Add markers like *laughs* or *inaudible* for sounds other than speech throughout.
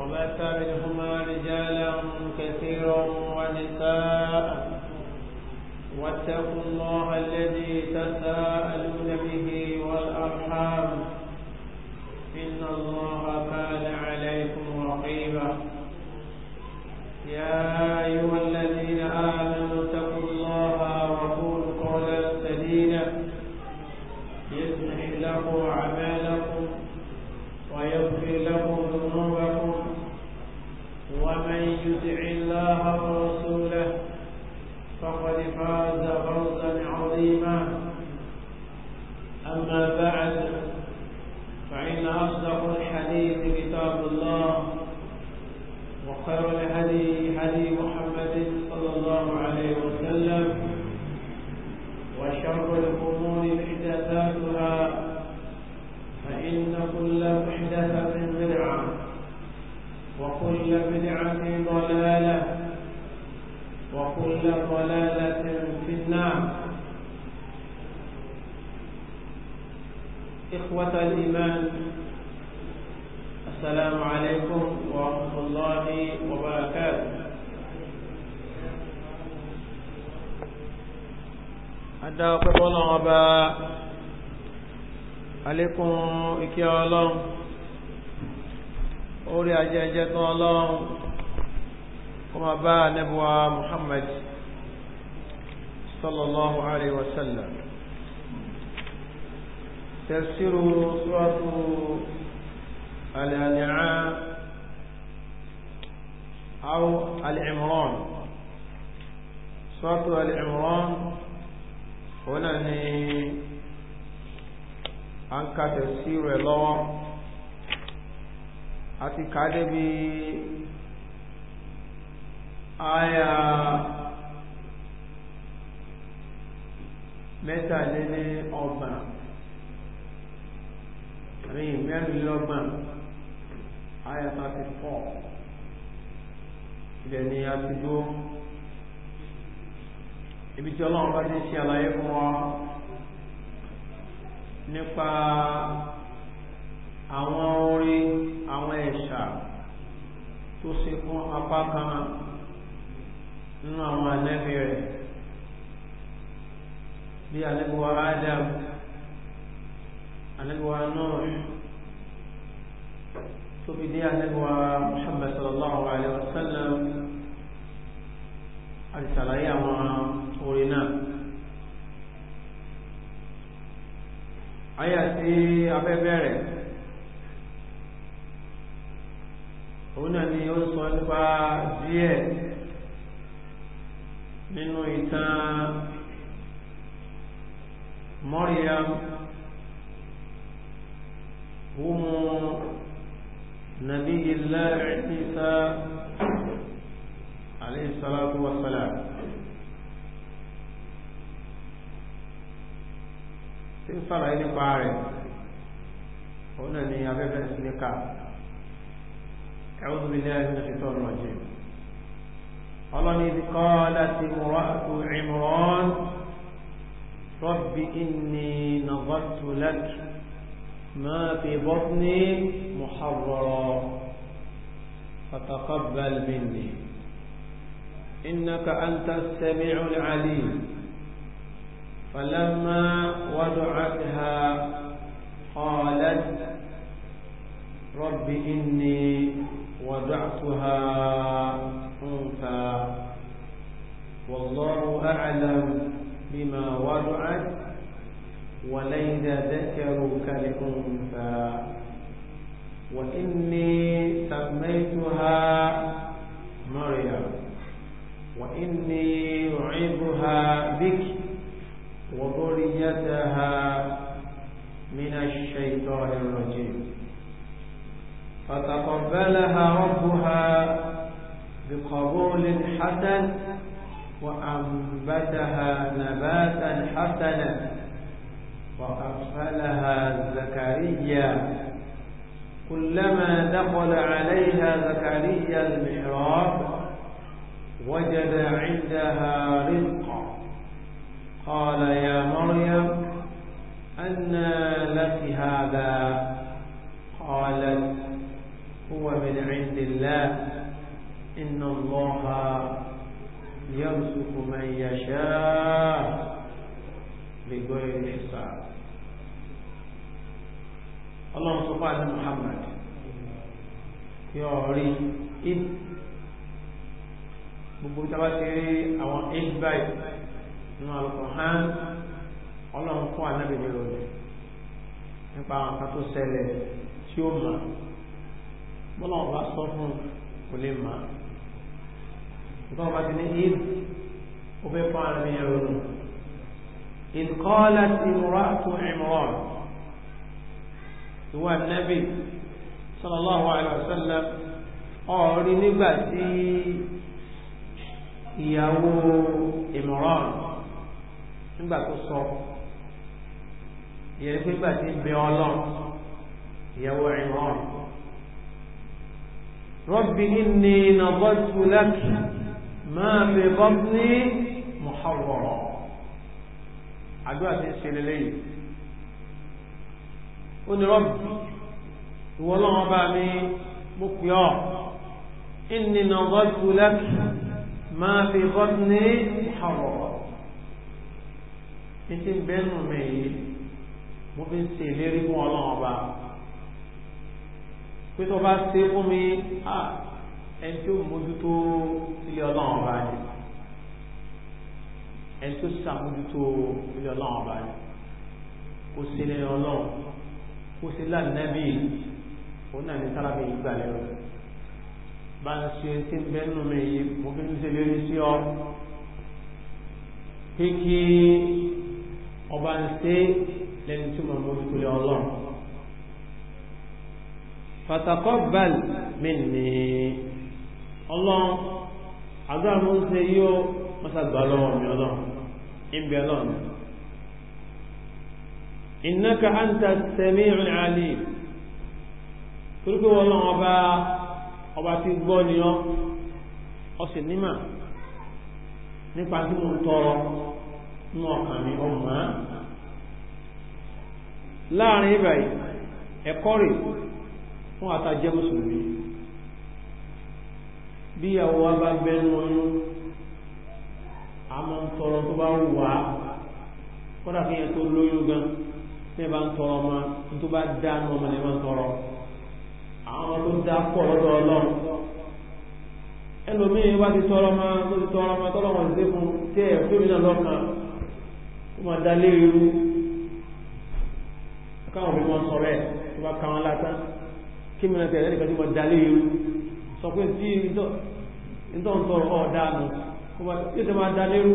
وبث منهما رجالا كثيرا ونساء واتقوا الله الذي تساءلون به والأرحام إن الله كان عليكم رقيبا يا أيها وكل ضلالة في النار إخوة الإيمان السلام عليكم ورحمة الله وبركاته Adá ọpẹ́ fọ́lọ́run ọba alékún ìkẹ́ ọlọ́run, orí ajẹ́jẹ́ tán ọlọ́run, kó máa bá nẹ́bùwá Muhammad صلى الله عليه وسلم تفسير سورة الأنعام أو العمران سورة العمران هنا أنك تفسير الله أتكاد بي آية mẹ́tàléní ọgbọ̀n rí mẹ́rìnlọ́gbọ̀n ayà 34 ilẹ̀ ni a ti dúó ibi tí ọlọ́run bá ti ṣe àlàyé fún wa nípa àwọn orí àwọn ẹ̀ṣà tó ṣe fún apá kan nínú àwọn ànẹ́bí bí anabiwa adam anabiwa nuh tóbi dé anabiwa muhammad sallallahu alayhi wa sallam àti sàlàyé àwọn orin náà. àyà tí abẹ́ bẹ̀rẹ̀ òun náà ni ó sọ nípa díẹ̀ nínú ìtàn مريم هم نبي الله عيسى عليه الصلاة والسلام tí ń sọ̀rọ̀ yìí nípa rẹ̀ òun náà ni abẹ́fẹ́ sílíkà ẹ̀wọ́n bí lẹ́yìn ní ṣètò ọ̀rọ̀ jẹ́ ọlọ́ni ti رب إني نظرت لك ما في بطني محررا فتقبل مني إنك أنت السميع العليم فلما وضعتها قالت رب إني وضعتها أنثى والله أعلم بما وضعت وليس ذكرك لأنثى وإني سميتها مريم وإني أعيذها بك وضريتها من الشيطان الرجيم فتقبلها ربها بقبول حسن وأنبتها نباتا حسنا وأغفلها زكريا كلما دخل عليها زكريا المحراب وجد عندها رزقا قال يا مريم أنى لك هذا قالت هو من عند الله إن الله يمسك من يشاء بغير حساب اللهم صل على محمد يا ري إب gbogbo tí a bá ti rí àwọn ishbai nínú alukohan ọlọ́run fún anábì ní ìròyìn nípa àwọn kan tó ṣẹlẹ̀ ṣùgbọ́n bá ti ní id ó fẹ́ fún ara mi yẹn ronú ìkọ́lá ti múra tó Imran ìwà nẹ́bì sallallahu alaihi wasallam ọ̀rí nígbà tí ìyàwó Imran nígbà tó sọ ìyẹn nígbà tí bẹ ọlọ́run ìyàwó Imran rabbi inni nadartu máa fi bọ́pní mọ̀họ̀rọ̀ àdúrà tí ń ṣe lélẹ́yìn ó ní rọ́bì ìwọ ọlọ́run bá mi mú pè ọ́ inni nazartu lak ma fi bọ́pní mọ̀họ̀rọ̀ títí bẹ́ẹ̀nù mẹ́yìí mo fi ń ṣe ìlérí fún ọlọ́run bá pé tó bá ṣe fún mi ah ẹni tí ó mójútó ilé ọlọ́run ọba ni ẹni tó sàmójútó ilé ọlọ́run ọba ni kó sí ilé ọlọ́run kó sí lánàbí òun náà ní sára mi ìgbà lẹ́rọ bá ń ṣe tí ń bẹ́ nù mí yìí mo fi ń ṣe lérí sí ọ pé ọba ń ṣe lẹ́ni tí mo mójútó ilé ọlọ́run fatakọ́bal mi ni. ọlọ́run àdúrà mo ń ṣe yóò wọ́n lọ́wọ́ mi ọlọ́run ń ọlọ́run innaka anta sami'ul wọ́n lọ́wọ́ ọba ọba ti gbọ́ ni ọ́ ọ sì nímà nípa ibà ẹ̀kọ́ rè fún àtàjẹ́ mùsùlùmí bí ìyàwó wa bá bẹnu ọyún àmọ́ ń tọrọ tó bá wù wá kódà fi yẹn tó lóyún gan ní ẹ bá ń tọrọ ọmọ tó bá dá ní ọmọ ní ẹ bá ń tọrọ àwọn ọmọ tó dá pọ̀ lọ́dọ̀ ọlọ́run ẹlòmíín bá ti tọrọ ọmọ tó ti tọrọ ọmọ tọrọ ọmọ ìdílé fún tí ẹ fúnmi náà lọ́kàn ó máa dá lé irú káwọn òbí wọn sọ̀rọ̀ ẹ tó bá káwọn látà kí mi náà tẹ̀lé nìkan tó máa dá lé irú sọ pé tí nítorí tọrọ ọ̀dá nù yóò ṣe máa dalérú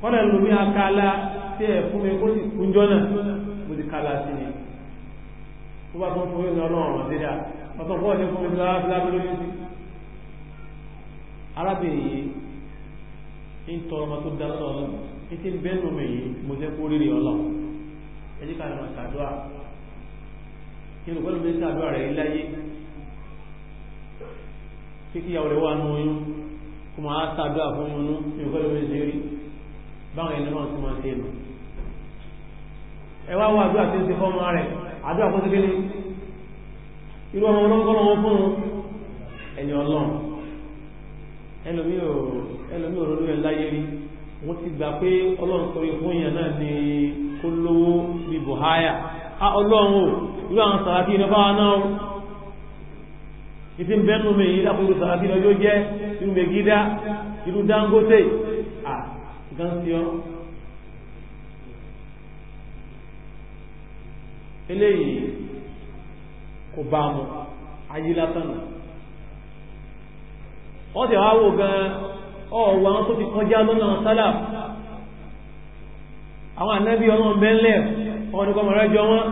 kọ́lẹ̀ lómi akálá tí ẹ̀ fún mi kó sì kúnjọ́ náà mo ti kálá sí ni tó bá tó ń fún ìrìn ọlọ́run nàìjíríà ọ̀tọ̀ pọ̀ ní fún mi lára lábẹ́ lórí sí arábìnrin yìí ń tọrọ ọmọ tó dá kí kíyàwó rẹ̀ wà nù oyún kó máa sàdúrà fún oyún ní ọgọ́ ìwé ṣe rí báwọn ẹni náà ti máa ṣe nù ẹ wá wá àdúrà tí ó ti fọ́ ọmọ rẹ̀ àdúrà kó ti kí ni irú ọmọ ọlọ́gọ́lọ́ wọn fún ẹni ọlọ́run ẹlòmí ò ronú ẹ̀ láyé rí wọ́n ti gbà pé ọlọ́run sọ yìí fún èèyàn náà ní kó lówó bí buhaya ọlọ́run ò irú àwọn sàràkí ìtì ń bẹ́nu mi yìí dákúrú sàbí lọ yóò jẹ́ irú megida irú dangote à gan sí ọ. eléyìí kò bá mu ayé lásán nà wọ́n ti wá wò gan ọ̀wọ́ àwọn tó ti kọjá lọ́nà sálà àwọn ànábì ọlọ́run bẹ́ńlẹ̀ ọ̀nìkan mọ̀rẹ́jọ wọn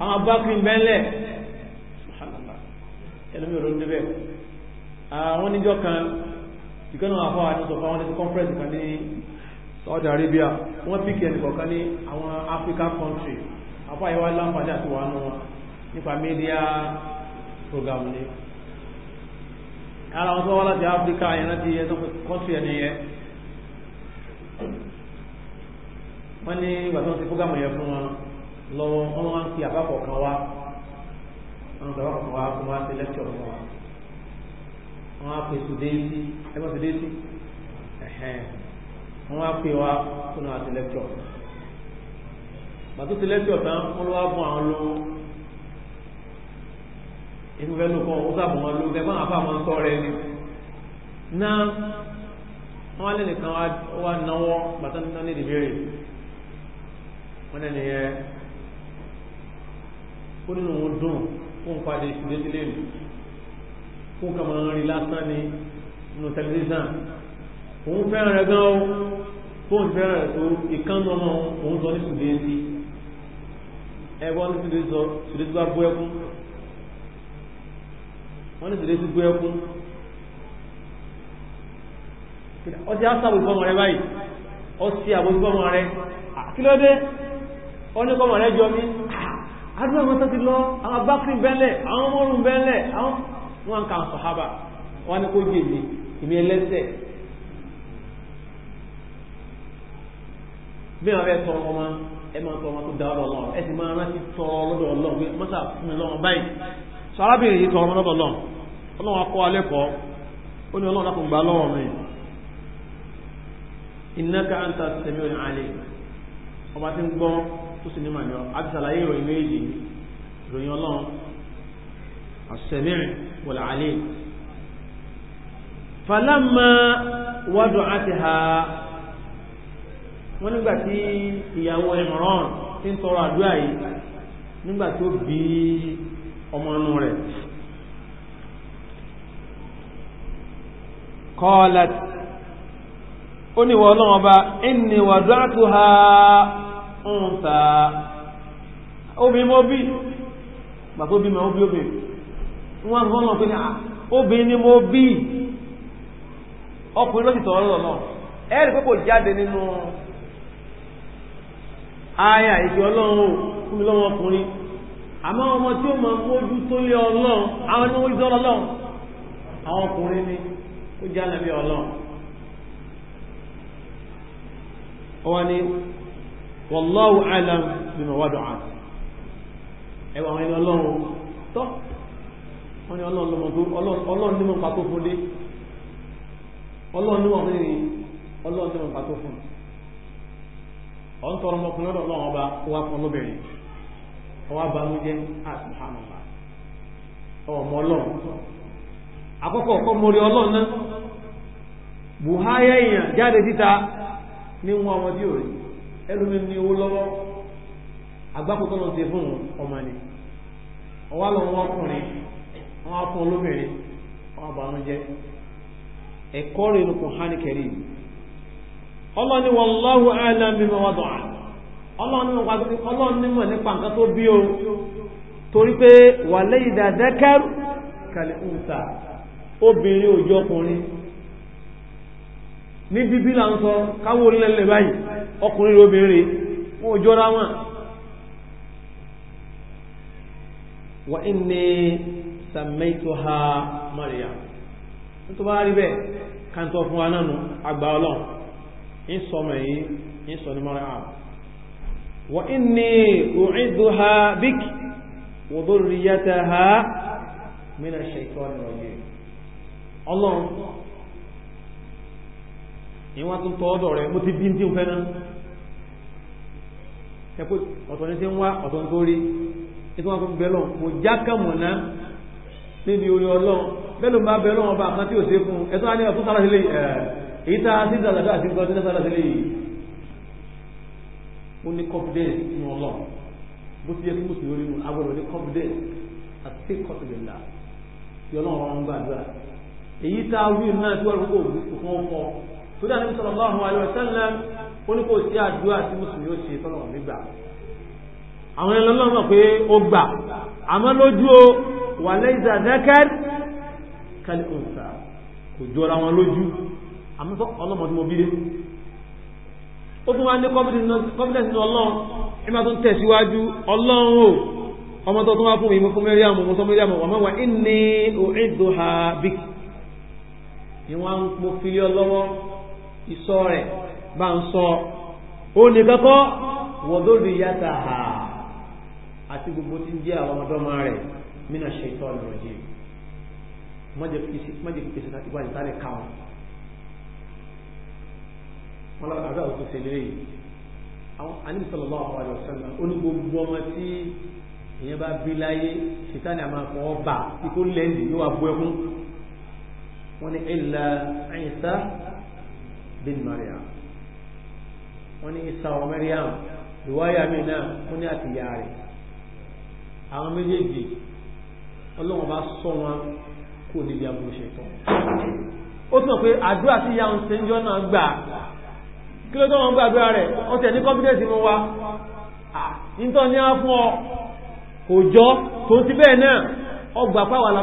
àwọn abákùnrin bẹ́ńlẹ̀ ẹlòmí òrò ń débẹ̀ àwọn níjọ́ kan ìkọ́nà àfọ́ àtúnṣọ fún àwọn ní conference kan ní Saudi Arabia wọ́n píkì ẹnì kọ̀ọ̀kan ní àwọn African country àfọ́ àyẹ̀wò aláǹfààní àti wà nù wọn nípa media program ni ara wọn tó wá láti Africa yẹn láti ẹ̀sán country ẹni yẹn wọ́n ní ìgbà tó ń ti program yẹn fún wọn lọ́wọ́ wọ́n wá ń fi àbápọ̀ kan wá lọ́wọ́ fún wa kó wá sí lẹ́kítọ̀ fún wa wọ́n á pè sùdéétì ẹgbẹ́ sùdéétì wọ́n á pè wá fún wa sí lẹ́kítọ̀ bàtú sí lẹ́kítọ̀ tán wọ́n lọ́wọ́ fún àwọn lówó inú fẹ́ ló kọ́ ó sábà wọn lówó bẹ́ẹ̀ báwọn afá wọn sọ rẹ ni náà wọ́n á nìkan wá náwó bàtà nínú ní ìdìbèrè wọ́n lẹ́nu yẹ ó nínú òun dùn fún padà ìsìndéjì lẹ́nu fún kàmọ́ rí lásán ni nù tẹlifíṣàn òun fẹ́ràn rẹ̀ gan o fóun fẹ́ràn rẹ̀ tó ìkánná ọmọ òun sọ ní sùdéjì ẹgbọ́n ní sùdéjì sọ sùdéjì bá bú ẹkún wọ́n ní sùdéjì bú ẹkún ọtí asábò ìfọmọ rẹ báyìí ọtí àbójúfọmọ rẹ kí ló dé ọ ní kọmọ rẹ jọ mí àdúrà wọn tó ti lọ àwọn abákìrì bẹ́ẹ̀lẹ̀ àwọn ọmọrùn bẹ́ẹ̀lẹ̀ àwọn wọn ń ka sọ̀hábà wọn ni kó jè mí èmi ẹlẹ́sẹ̀ bí wọn fẹ́ tọrọ ọmọ ẹ máa tọrọ ọmọ tó da ẹ sì máa rántí tọrọ lọ́dọ̀ ọrụ pé mọsà fún mi báyìí sọ arábìnrin yìí ọmọ lọ́dọ̀ Ọlọ́run akọ kọ ó ní Ọlọ́run lákùngbà lọ́wọ́ mi ìnáka àǹtà ọba ti tó sì ní mà ní ọ àti méjì ìròyìn ọlọ́run àṣẹmírin wọ̀lá alẹ́ falamma wádùn ati ha wọ́n nígbà tí ìyàwó Imran tí ń tọrọ àdúrà yìí nígbà tó bí ọmọ inú ó ní wọ́n lọ́wọ́ bá ha Nta obi mo obi maka obi ma obi obi nwa wọ́n gbọ́n náà obi ni mo bí ọkùnrin ló ti tọ̀rọ̀ lọ́nà ẹ̀rì pé jáde nínú aya ìfẹ́ o fún mi ọkùnrin ọmọ tí ó máa mójú tó lé ọlọ́run àwọn ni wọ́n ti ọlọ. ni ó wallahu alam bímọ wádùn án ẹwà àwọn ẹni ọlọ́run tọ́ wọ́n ní ọlọ́run lọ́mọ tó ọlọ́run ní mọ̀ pàtó fún dé ọlọ́run ní mọ̀ fún ní fún ń tọrọ ọmọkùnrin ọba wa fún ọmọ buhari èèyàn jáde síta ní wọn ọmọdé ẹlòmíì ní owó lọ́wọ́ agbákòókò lọ sí fún ọmọ ni ọwọ́ lọ wọn ọkùnrin wọn á fún olóbìnrin wọn àbànújẹ́ ẹ̀kọ́ rẹ̀ nípa nǹkan o torí pé Ni bíbí là ń sọ káwọ́ lẹ́lẹ̀ báyìí ọkùnrin obìnrin wọn ò jọra wọn wà ní ha Mariya. tó bá rí bẹ́ẹ̀ káńtọ́ fún wa náà nù àgbà ọlọ́run ń sọ ọmọ yìí ń sọ ní wà ní bik wa dhurriyataha mina ọlọ́run ìwọ́n tún tọ́ ọ̀dọ̀ rẹ̀ mo ti bí tí ń fẹ́ náà ẹ̀kọ́ ọ̀tọ̀ ní tí ń wá ọ̀tọ̀ ní tó rí nítorí wọn fún bẹ́lọ̀ mo já kàmùná níbi orí ọlọ́run bẹ́lọ̀ bá bẹ́lọ̀ wọn bá kan tí ò sí fún ẹ̀tọ́ á ní ọ̀tún sára sílé èyí tá a sí ìdàgbàdo àti nǹkan tó ní sára sílé yìí ó ní confidence nínú ọlọ́run bó ti yẹ kí mùsùlùmí orí mu agbọ́dọ̀ ní confidence àti take confidence là yọ ọlọ́run wọn gbàdúrà èyí tá a wí náà tí wọ́n rúkọ̀ òkú fún ọkọ̀ tó dáa níbi sallallahu alaihi wasallam ó ní kò sí àdúrà tí mùsùlùmí ó ṣe tọ́lọ̀ nígbà àwọn ẹlọ́lọ́ mọ̀ pé ó gbà àmọ́ lójú o wà lẹ́yìn zakar kálíkùnsà kò jọra wọn lójú àmọ́ sọ ọlọ́mọ tí mo bí dé ó tún wá ní confidence ní ọlọ́run ìmọ̀ tó ń tẹ̀síwájú ọlọ́run o ọmọ tó tún wá fún mi mo fún mẹ́ríàmù mo sọ mẹ́ríàmù wà mẹ́wàá inni u'idduha bik ni wọ́n ń pọ́ fílẹ̀ ọlọ́wọ́ ìsọ rẹ̀ bá ń sọ ó ní kọ́kọ́ wọ́dọ́rì yàtà hà àti gbogbo tí ń jẹ́ àwọn ọmọdọ́mọ rẹ̀ mínà ṣe ìtọ́ ọ̀nà jẹ́ mọ́jẹ̀ kìí ṣe ìwà ìtàlẹ̀ káwọn wọn lọ àdúrà òkú ṣe lérè àwọn anímùsọ̀lọ́lọ́ àwọn àjọ sẹ́lẹ̀ ó ní gbogbo ọmọ tí ìyẹn bá bí láyé ṣètánì àmà fọwọ́ bà tí lẹ́ndì yóò wá bú ẹkún wọn ni ìlà àyìnsá bin Maria, wọ́n ní Isa ọmọ Maryam ìwáyà mi náà wọ́n ní àtìyá rẹ̀ àwọn méjèèjì ọlọ́wọ́n bá sọ wọn kó níbi aburú ṣe tán ó sọ pé àdúrà tí ìyá ọ̀sẹ̀ ń jọ náà gbà kí ló tó wọn gbà àdúrà rẹ̀ wọ́n tẹ̀ ní confidence mọ́ wa nítorí ní á fún ọ kò jọ tó ti bẹ́ẹ̀ náà ọgbà pàwà la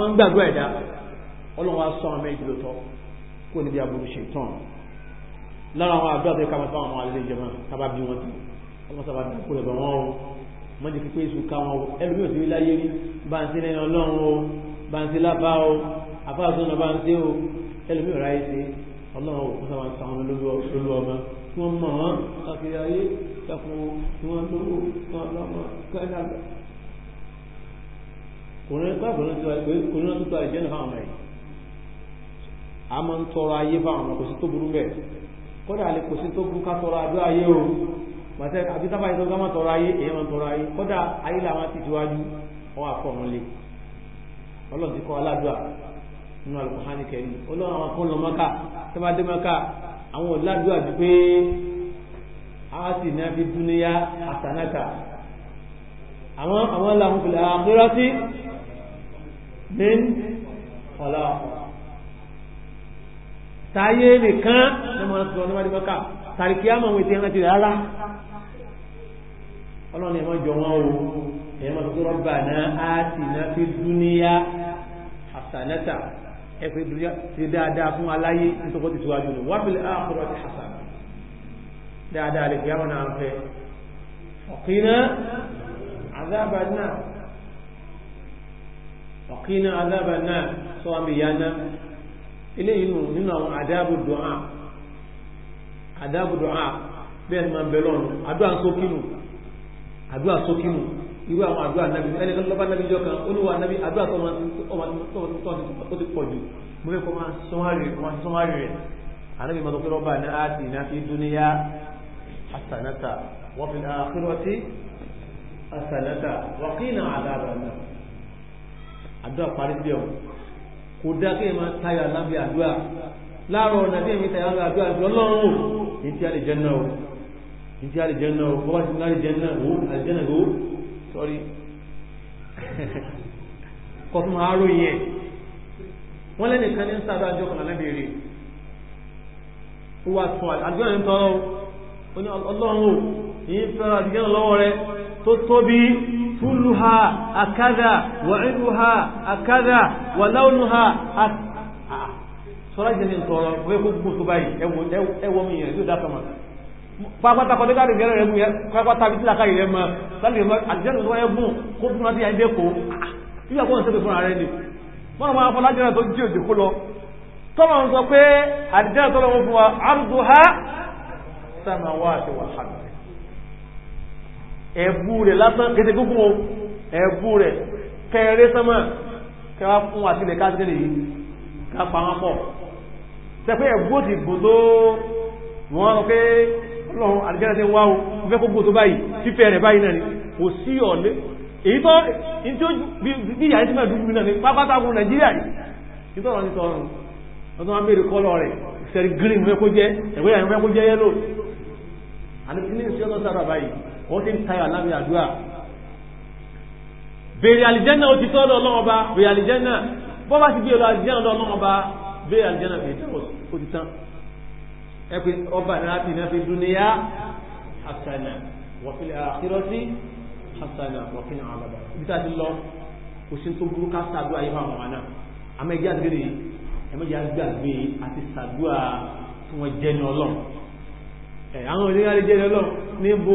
máa ń gbàdúrà ẹ̀dá ọlọ́wọ́n á sọ àwọn méjì lótọ́ kó níbi aburú ṣètàn lára àwọn àdúrà tó yẹ ká máa fáwọn ọmọ alẹ́ ìjọba tábà bí wọn sí ọmọ sábà bí kó lọ́dọ̀ wọn o mọ́jì pípé èso ká wọn o ẹlòmíì òsì láyé rí bá ń sí lẹ́yìn ọlọ́run o bá ń sí lábá o àfáàsó náà bá ń sí o ẹlòmíì ọ̀rá yìí sí ọlọ́run o kó sábà ń sáwọn lólu ọmọ tí wọ́n mọ̀ wọ́n káàkiri ayé kẹ́kọ̀ọ́ tí wọ́n lówó tí wọ́n lọ́mọ kẹ́kọ̀ọ́ kò ní pẹ́ kò ní tó àìjẹ́ náà fáwọn ọmọ yìí a máa ń tọrọ ayé fáwọn ọmọ kò sí tó burú bẹ́ẹ̀ kódà lè kò sí tó burú ká tọrọ adó ayé o pàṣẹ àbí sábà yìí tó ká máa tọrọ ayé èèyàn máa tọrọ ayé kódà ayé làwọn ti tiwájú wọn wà fọwọn lé Ọlọ́run ti kọ aládùá nínú Al-Qur'ani Karim Ọlọ́run àwọn akọlọ mọka tẹbà mọka àwọn ọládùá ju pé àwọn ní abí dúníyà àtànáta àwọn àwọn làwọn fìlà àkúrọ́sí ní ọ̀la táyé nìkan ló máa ń sọ ní wádìí mọ́ká tàríkì àmọ́ òun ètè rántí rárá ọlọ́run ẹ̀ máa jọ wọn o ẹ̀ máa sọ rọ́bà náà á sì náà fi dúníyà hasanata ẹ pé dúníyà ti dáadáa fún aláyé nítorí ti tiwájú ni wọ́n fi lè áàkúrọ̀ ti hasan dáadáa lè fi àwọn náà fẹ́ ọ̀kínà àzábà ọ̀kínà àzábà náà sọ àmì náà eléyìí nù nínú àwọn àdáàbò dùnà àdáàbò dùnà bẹ́ẹ̀ ni máa ń bẹ lọ́rùn àdúrà sókínù àdúrà sókínù irú àwọn àdúrà nàbí ẹni kan lọ́ba nàbí jọ́kan olúwa nàbí àdúrà tó máa ti pọ̀ jù mo fẹ́ kọ́ máa sọ́wárì rẹ̀ ànábì máa tó pé rọ́bà ní àti ní àfi dúníyà hasanata wọ́n fi àkírọ́tì hasanata wọ́n kí ní àdáàbò àdúrà parí bí ọ̀hún. kò dá kí ẹ máa tayọ alábẹ́ àdúrà láàárọ̀ ọ̀nà tí ẹ̀mí tayọ alábẹ́ àdúrà jù ọlọ́run wò ní tí a náà o ní tí a náà o bọ́bá ti láì jẹ́ náà o àjẹ́ náà o sọ́rí *laughs* kọ́ aró yẹn wọ́n ní sábà àjọ kan wà tún àdúrà كلها أكذا وعلوها أكذا ولونها أكذا sọ́rọ̀ ìjẹ́ ní tọrọ wé kó gbogbo tó báyìí ẹwọ mi yẹn yóò dá kama pápátá kọ́ dégbà rẹ̀ rẹ̀ mú yẹ pápátá bí tílaka yìí rẹ̀ mọ́ lálẹ́ mọ́ àdìjẹ́nu tó wáyé gùn kó fún wa ti yàn dẹ́kọ̀ yíyà kó n sẹ́kẹ̀ fúnra rẹ̀ ni wọ́n máa fọ́ lájẹ́nà tó jí òjò kó lọ tọ́lọ̀ ń sọ pé àdìjẹ́nu tọ́lọ̀ ń fún wa arduha sàmáwá àti wàhálà ẹ̀bù rẹ̀ lásán kéte gúgùn o ẹ̀bù rẹ̀ kẹrẹ sánmà kẹwà fún àti ilẹ̀ káàkiri yìí kápa wọn pọ̀ tẹ́pẹ́ ẹ̀bù ó ti gùn tó wọ́n rọ pé ọlọ́run àdìjẹ́rẹ́ ti wá o fẹ́ kó gùn tó báyìí fífẹ́ rẹ̀ báyìí náà ni kò sí ọ̀lẹ́ èyí tó ní tí ó bí jẹ́ ẹ̀wẹ́ ìyá mẹ́kó jẹ́ yẹ́lò àti ní ìṣẹ́ ọdún báyìí wọ́n ti ń tayọ̀ lábẹ́ àdúrà bèrè àlìjẹ́nà ó ti tọ́ lọ ọlọ́run ọba bèrè àlìjẹ́nà bọ́ bá ti bí ọlọ́ àlìjẹ́nà lọ ọlọ́run ọba bèrè àlìjẹ́nà bèrè tí ó ti tán ẹ pé ọba ìnira ti ìnira fi dúnìyà hasana wọ́pẹ̀lẹ̀ àkírọ́sí hasana wọ́pẹ̀lẹ̀ àwọn àbàbà ibi tá a ti lọ kò sí tó burú ká sàdúrà yìí fún àwọn ọmọ náà àmọ́ ẹgbẹ́ àgbèrè ẹ̀mẹ́jì àgbàgbé àti sàdúrà tí wọ́n jẹ́ ní ọlọ́run ẹ̀ àwọn oníyàrá jẹ́ ní ọlọ́run níbo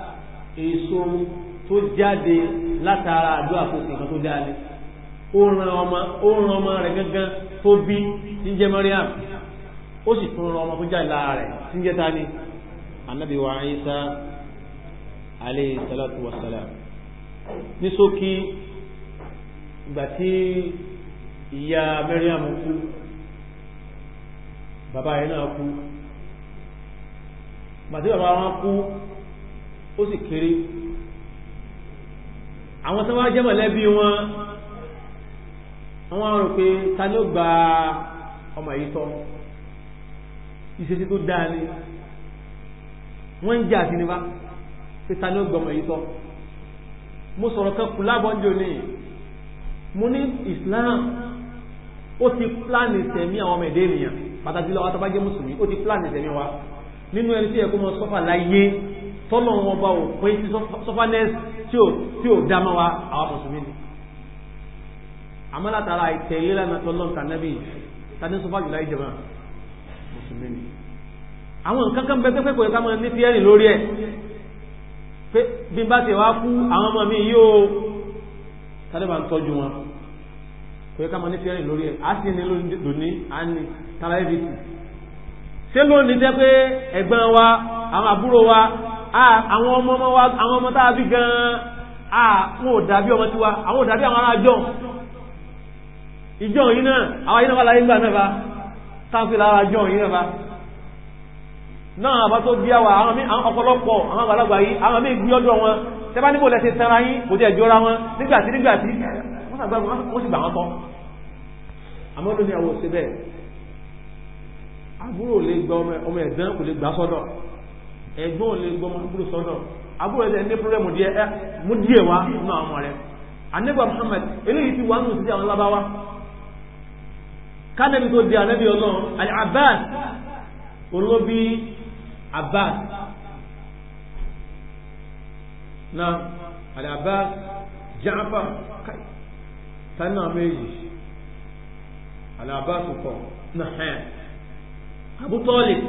èso tó jáde látara àdó àkókò kan tó dáadé ó ran ọmọ ó ran ọmọ rẹ̀ gángan tó bí tí ń jẹ́ Mariam ó sì tún ran ọmọ tó jáde lára rẹ̀ tí ń jẹ́ tani anabi wa Isa alayhi salatu wa salam ní ṣókí ìgbà tí ìyá Mariam kú bàbá rẹ̀ náà kú bàtí bàbá wọn kú ó sì kéré àwọn tó wá jẹ́ mọ̀lẹ́bí wọn wọ́n rò pé ta ló gba ọmọ yìí tọ́ ìṣesí tó dáa ni wọ́n ń jẹ́ àtinúbá pé ta ló gba ọmọ yìí tọ́ mo sọ̀rọ̀ kan kù lábọ́ jò mo ní Islam ó ti pláàni tẹ̀mí àwọn ọmọ ẹ̀dẹ́ ènìyàn pàtàkì lọ́wọ́ tó bá jẹ́ mùsùlùmí ó ti pláàni tẹ̀mí wa nínú ẹni tí ẹ̀kọ́ mọ sọ́fà láyé tọ́lọ̀ wọn bá wò pé tí sọ́fánẹ́sì tí ò dá máa wa àwọn mùsùlùmí ni àmọ́ látara ìtẹ̀lé lánàá tọ́lọ́ tànẹ́bì tani sọ́fà jùlọ ìjọba mùsùlùmí ni àwọn nǹkan kan bẹ́ẹ̀ pẹ́pẹ́ kò yẹ ká máa ní tiẹ́rì lórí ẹ̀ pé bí n bá ti wá kú àwọn ọmọ mi yóò tani bá ń tọ́jú wọn kò yẹ ká máa ní tiẹ́rì lórí ẹ̀ á sì ní lónìí á ní tàbí ṣé lónìí jẹ́ pé ẹ̀gbọ́n wa àwọn àbúrò wa Ah, àwọn ọmọ ọmọ wa àwọn ọmọ tá a bí gan-an àwọn ah, ò dàbí ọmọ tiwa àwọn ò dàbí àwọn ará jọ ìjọ yìí náà àwọn ayé náà wà láyé ńgbà náà bá táǹfì lára jọ yìí náà bá náà àbá tó bí àwà àwọn ọ̀pọ̀lọpọ̀ àwọn àgbàlagbà yìí àwọn míì gbé ọdọ wọn tẹ́bá níbo lẹ́sẹ̀ sanra yín kò jẹ́ ìjọra wọn nígbàtí nígbàtí wọ́n sì gbà wọ́n tọ́ àmọ́ lónìí àwọn òṣèbẹ̀ àbúrò lè gba ọmọ ẹ̀dán kò lè gbà sọ́dọ̀ ẹ̀gbọ́n ò lè sọ́dọ̀ àbúrò ẹ̀dẹ̀ ní púrẹ́mù díẹ̀ mú díẹ̀ wá nínú àwọn rẹ̀ anẹ́gbà Muhammad eléyìí ti wà nù sí àwọn lábáwá kánẹ́bí tó di anẹ́bí ọlọ́run àti Abbas olóbi Abbas na àti Abbas Ja'far sanna méjì àti Abbas kọ náà Abu Talib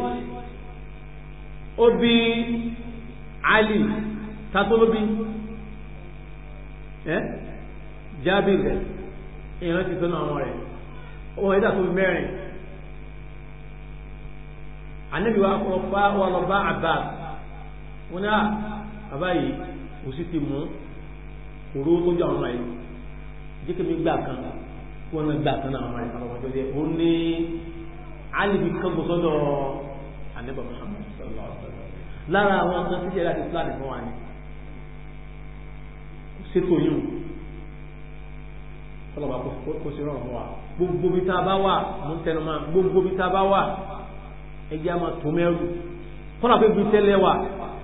Obi ali tatolobi ẹ́ jábì rẹ̀ èèyàn ti tọ́nà àwọn rẹ̀ ohun ẹ̀dà tó mẹ́rin ànábì wa wà lọ bá àbá wọn ní àbá yìí kò ti mú kòró tó jẹ́ àwọn ẹ̀yìn jẹ́ gbà kan wọn na gbà kan náà àwọn ẹ̀yìn ó alibi kan kò lára àwọn nǹkan tí jẹ́ láti plan fún wa ni ṣètò yìí ọlọ́ba kò sí rọrùn wa gbogbo bí tá a bá wà mú tẹnu máa gbogbo bí tá a bá wà ẹjẹ́ a máa tó mẹ́rù kọ́nà pé bí tẹ́lẹ̀ wà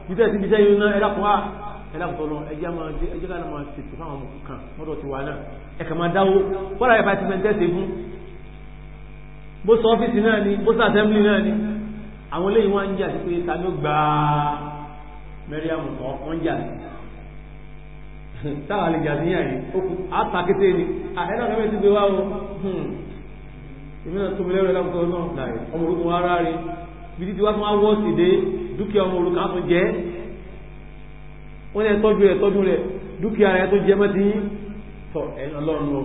bí tẹ́lẹ̀ sí bí tẹ́lẹ̀ yìí náà ẹ̀dá fún wa ah, ẹ̀dá fún tọ́lọ́ ẹjẹ́ a máa ẹjẹ́ ká máa ṣètò fún àwọn kan lọ́dọ̀ ti wà náà ẹ̀kà máa dáwó kọ́nà ẹ̀ bá ti mẹ́ntẹ́sẹ̀ fún bó sọ ọ́fíìsì náà ni bó sọ àwọn eléyìí wọ́n ń jà sí pé ta ló gba Mariam kan wọ́n jà sí táwọn yìí ó kú àtàkété ni àhẹ́nà kan bẹ́ẹ̀ ti gbé wá o hmm. èmi náà tóbi lẹ́rọ ẹ̀dáwùtọ́ náà láì ọmọ orúkọ wọn ara rẹ̀ bí títí wá tún wá wọ́ sí dé dúkìá ọmọ orúkọ àtún jẹ́ wọ́n ní ẹ̀tọ́jú rẹ̀ tọ́jú rẹ̀ dúkìá rẹ̀ tó jẹ́ mọ́tí tọ̀ ẹ̀yìn ọlọ́run lọ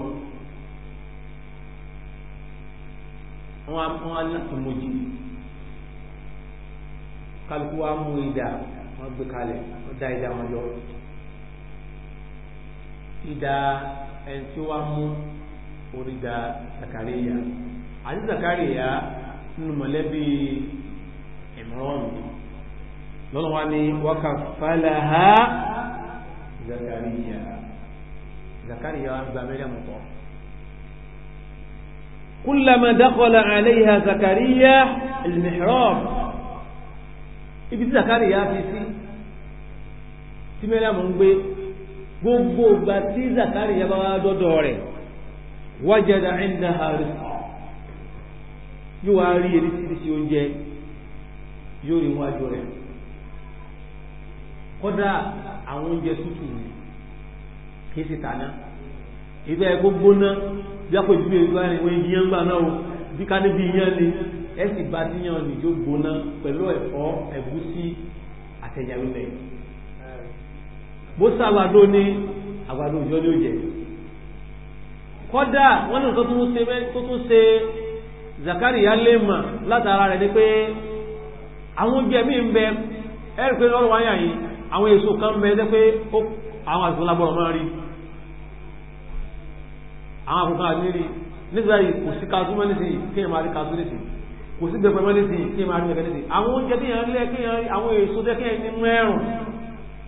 wọ́n á ní láti mọ́jì قال هو مويدا ما بكاله دايدا ما جو إذا أنت مو أريد زكريا عز زكريا نملبي إمرام لونواني وكفلها زكريا زكريا زميلي مطور كلما دخل عليها زكريا المحراب ibi tí zakari yá fi sí tí mẹ́rìàmù ń gbé gbogbo ìgbà tí zakari yá bá wá dọ́dọ̀ rẹ̀ wájàdà ẹ̀ńdà àrùn yóò wá rí eréṣiríṣi oúnjẹ yóò rí wájú rẹ̀ kódà àwọn oúnjẹ tútù ni kìí ṣe tàná ìgbà ẹ̀gbógbóná bí a kò ju ìgbà rẹ̀ wọ́n yẹn ń gbà náà o bí ká níbi yẹn ni ẹ sì bá níyàn nìjó gbóná pẹ̀lú ẹ̀fọ́ ẹ̀gúsí àtẹ̀yàwó lẹ̀ bó sàwádó ní àwádó òjò ní òjẹ̀ kọ́dà wọ́n náà tó tún ṣe Zakariya lè mà látara rẹ̀ ni pé àwọn oúnjẹ míì ń bẹ ẹ̀rù pé lọ́rọ̀ wáyà yìí àwọn èso kan ń bẹ ẹ́ pé àwọn àtúntò lábọ̀rọ̀ máa rí àwọn àkùnkàn àmì rí nígbà yìí kò sí kazú mọ́ nísìnyí kéèyàn máa rí kazú nísìnyí kò sí gbẹgbẹ mọ́lẹ́ sí kí máa rí ẹ̀kẹ́ nísìn àwọn oúnjẹ tí yàn lẹ́ kí yàn àwọn èso tẹ́ kí yàn nínú ẹ̀rùn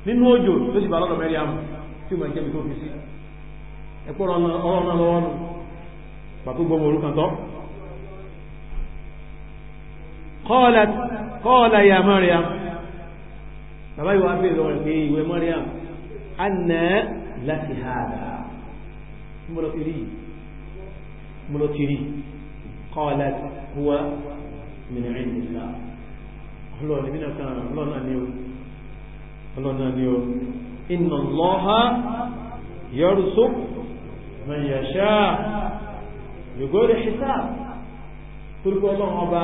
nínú òjò tó sì bá lọ́dọ̀ mẹ́rin àmù tí ó máa jẹ́bi tó fi sí ẹ̀pọ̀ ọ̀rọ̀ náà lọ́wọ́ nù pàtó gbọmọ orúkàn tọ́ kọ́ọ̀lá ya mọ́ríam bàbá ìwà bèèrè lọ́wọ́ pé ìwé mọ́ríam a nà láti hàdà mọ́lọ́tìrí kọ́ọ̀lá min indillah الله. ní nàkan ọlọ́run náà ni ó inna Allaha yarzuq man yasha yògórí hisab torípé ọlọ́run ọba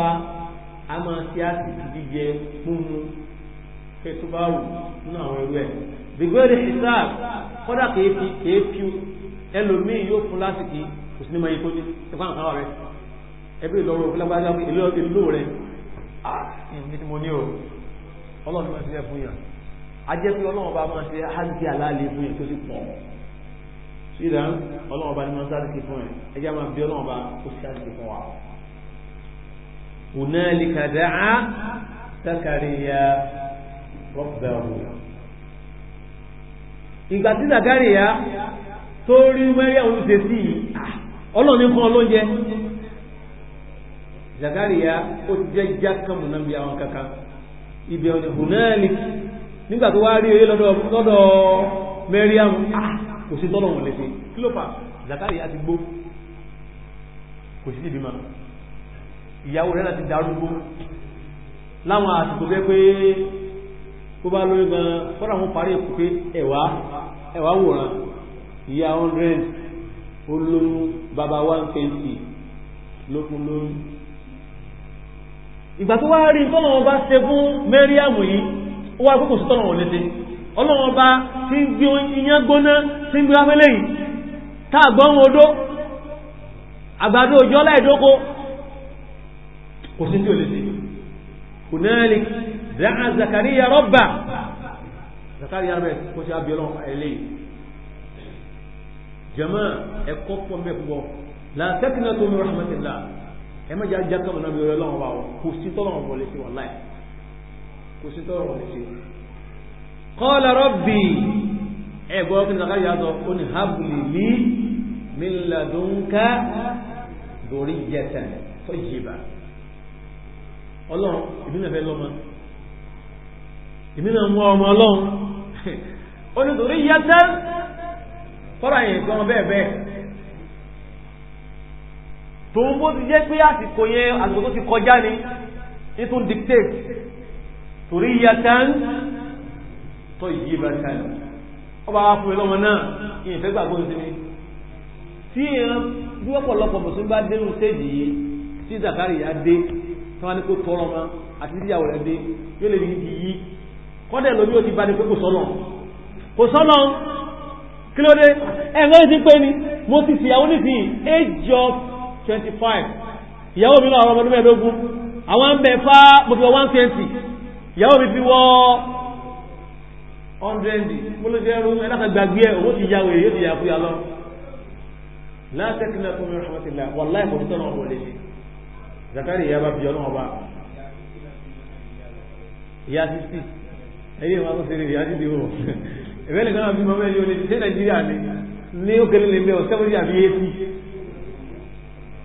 a máa ṣe àsìkò jíjẹ múmu pé tó bá wù nínú àwọn ẹrú ẹ̀ bìgbẹ́rì hisab kọ́dà kìí fi ẹlòmíì yóò fún lásìkò kò sí ní máa yí kó ní ẹ̀fọn àkàrà rẹ̀ ẹbí ìlọ́wọ́ ìfúlágbájá ìlú rẹ̀ ah, ní mo ní o ọlọ́run máa ti yẹ fún yàn a jẹ́ pé ọlọ́run bá máa ti hajj aláàlè fún yàn tó sì pọ̀ síra ọlọ́run bá ní máa sáré sí fún yàn ẹjẹ́ máa bí ọlọ́run bá ó sáré sí fún wa. hunalika da'a Zakariya ìgbà tí Zakariya tó rí mẹ́rí àwọn olùsèṣì ah, ọlọ́run fún ọlọ́jẹ́ Zakariya ó jẹ́já kàmù náà bí àwọn kankan ibẹ̀ ọ̀nà hunani nígbà tó wá rí eré lọ́dọ̀ Mariam ah, kò sí tọ́lọ̀ wọn lẹ́sẹ̀ kí Zakariya ti gbó kò sí ìbímọ ìyàwó rẹ̀ náà ti darúgbó láwọn àsìkò bẹ́ pé ó bá lórí gan fọ́nà wọn parí èkó pé ẹ̀wà ẹ̀wà wòran ìyá 100 olóyún bàbá 120 lókun lóyún ìgbà tó wá rí tọ́lọ́wọ́n bá ṣe fún mẹ́ríàmù yìí ó wá kókò sí tọ́lọ́wọ́n léṣe ọlọ́wọ́n bá ti ń gbé iyán gbóná ti ń gbé afẹ́lẹ́ yìí tá àgbọ́n odó àgbàdo òjò ọláìdókó kò sí tí ò léṣe kò sí abiyọ́lọ́ ẹ̀lẹ́ jama ẹ̀kọ́ pọ̀ mẹ́kúbọ̀ la ẹmẹ́jà jákàmù náà bí ọ̀rẹ́ lọ́wọ́ bá wọn kò sí tọ́lọ́wọ́ wọlé sí wọn láì kò sí tọ́lọ́wọ́ wọlé sí wọn. qala rabbi ẹ̀gbọ́n ọkùnrin nàkà yà sọ ó ní habli li min ladunka dhurriyatan tayyiba ọlọ́run ìbí náà fẹ́ lọ́mọ ìbí náà mú ọmọ ọlọ́run *laughs* ó ní dhurriyatan yẹn gbọ́n bẹ́ẹ̀ bẹ́ẹ̀ tó ń bó ti jẹ́ pé àsìkò yẹn àsìkò tó ti kọjá ni nítorí dictate torí yatan tó yí bá tán ọ bá wá fún mi lọ́mọ náà yìí fẹ́ gbàgbọ́ sí mi tí èèyàn bí ọ̀pọ̀lọpọ̀ mùsùlùmí bá dé nínú stéèjì yìí tí zakari yá dé tí wọ́n ní kó tọrọ ọmọ àti tí ìyàwó rẹ̀ dé yóò lè ní ti yí kọ́dẹ̀ lórí ó ti bá ní pé kò sọ́nà kò sọ́nà kí ló dé ẹ̀rọ ìsìn pé ni mo ti fìyàwó nísìnyí age of twenty five ìyàwó mi náà ọ̀rọ̀ ọmọdún mẹ́ẹ̀ẹ́dógún àwọn ń bẹ̀ mo fi wọ mi fi wọ hundred mo ló jẹ́ ẹrú ẹ̀dá kan gbàgbé ẹ̀ owó ti ya wèrè yóò ti yà fúyà lọ. látẹ̀kínà fún mi rahmatillah wàláì mo ti tọ́ náà wọ̀ lé ṣe zakari ìyá bá fi ọlọ́run ọba ìyá ẹyẹ kan náà fi mọ́ mẹ́rin ṣe nàìjíríà ni ní ó kéré lè mẹ́ sẹ́wọ́n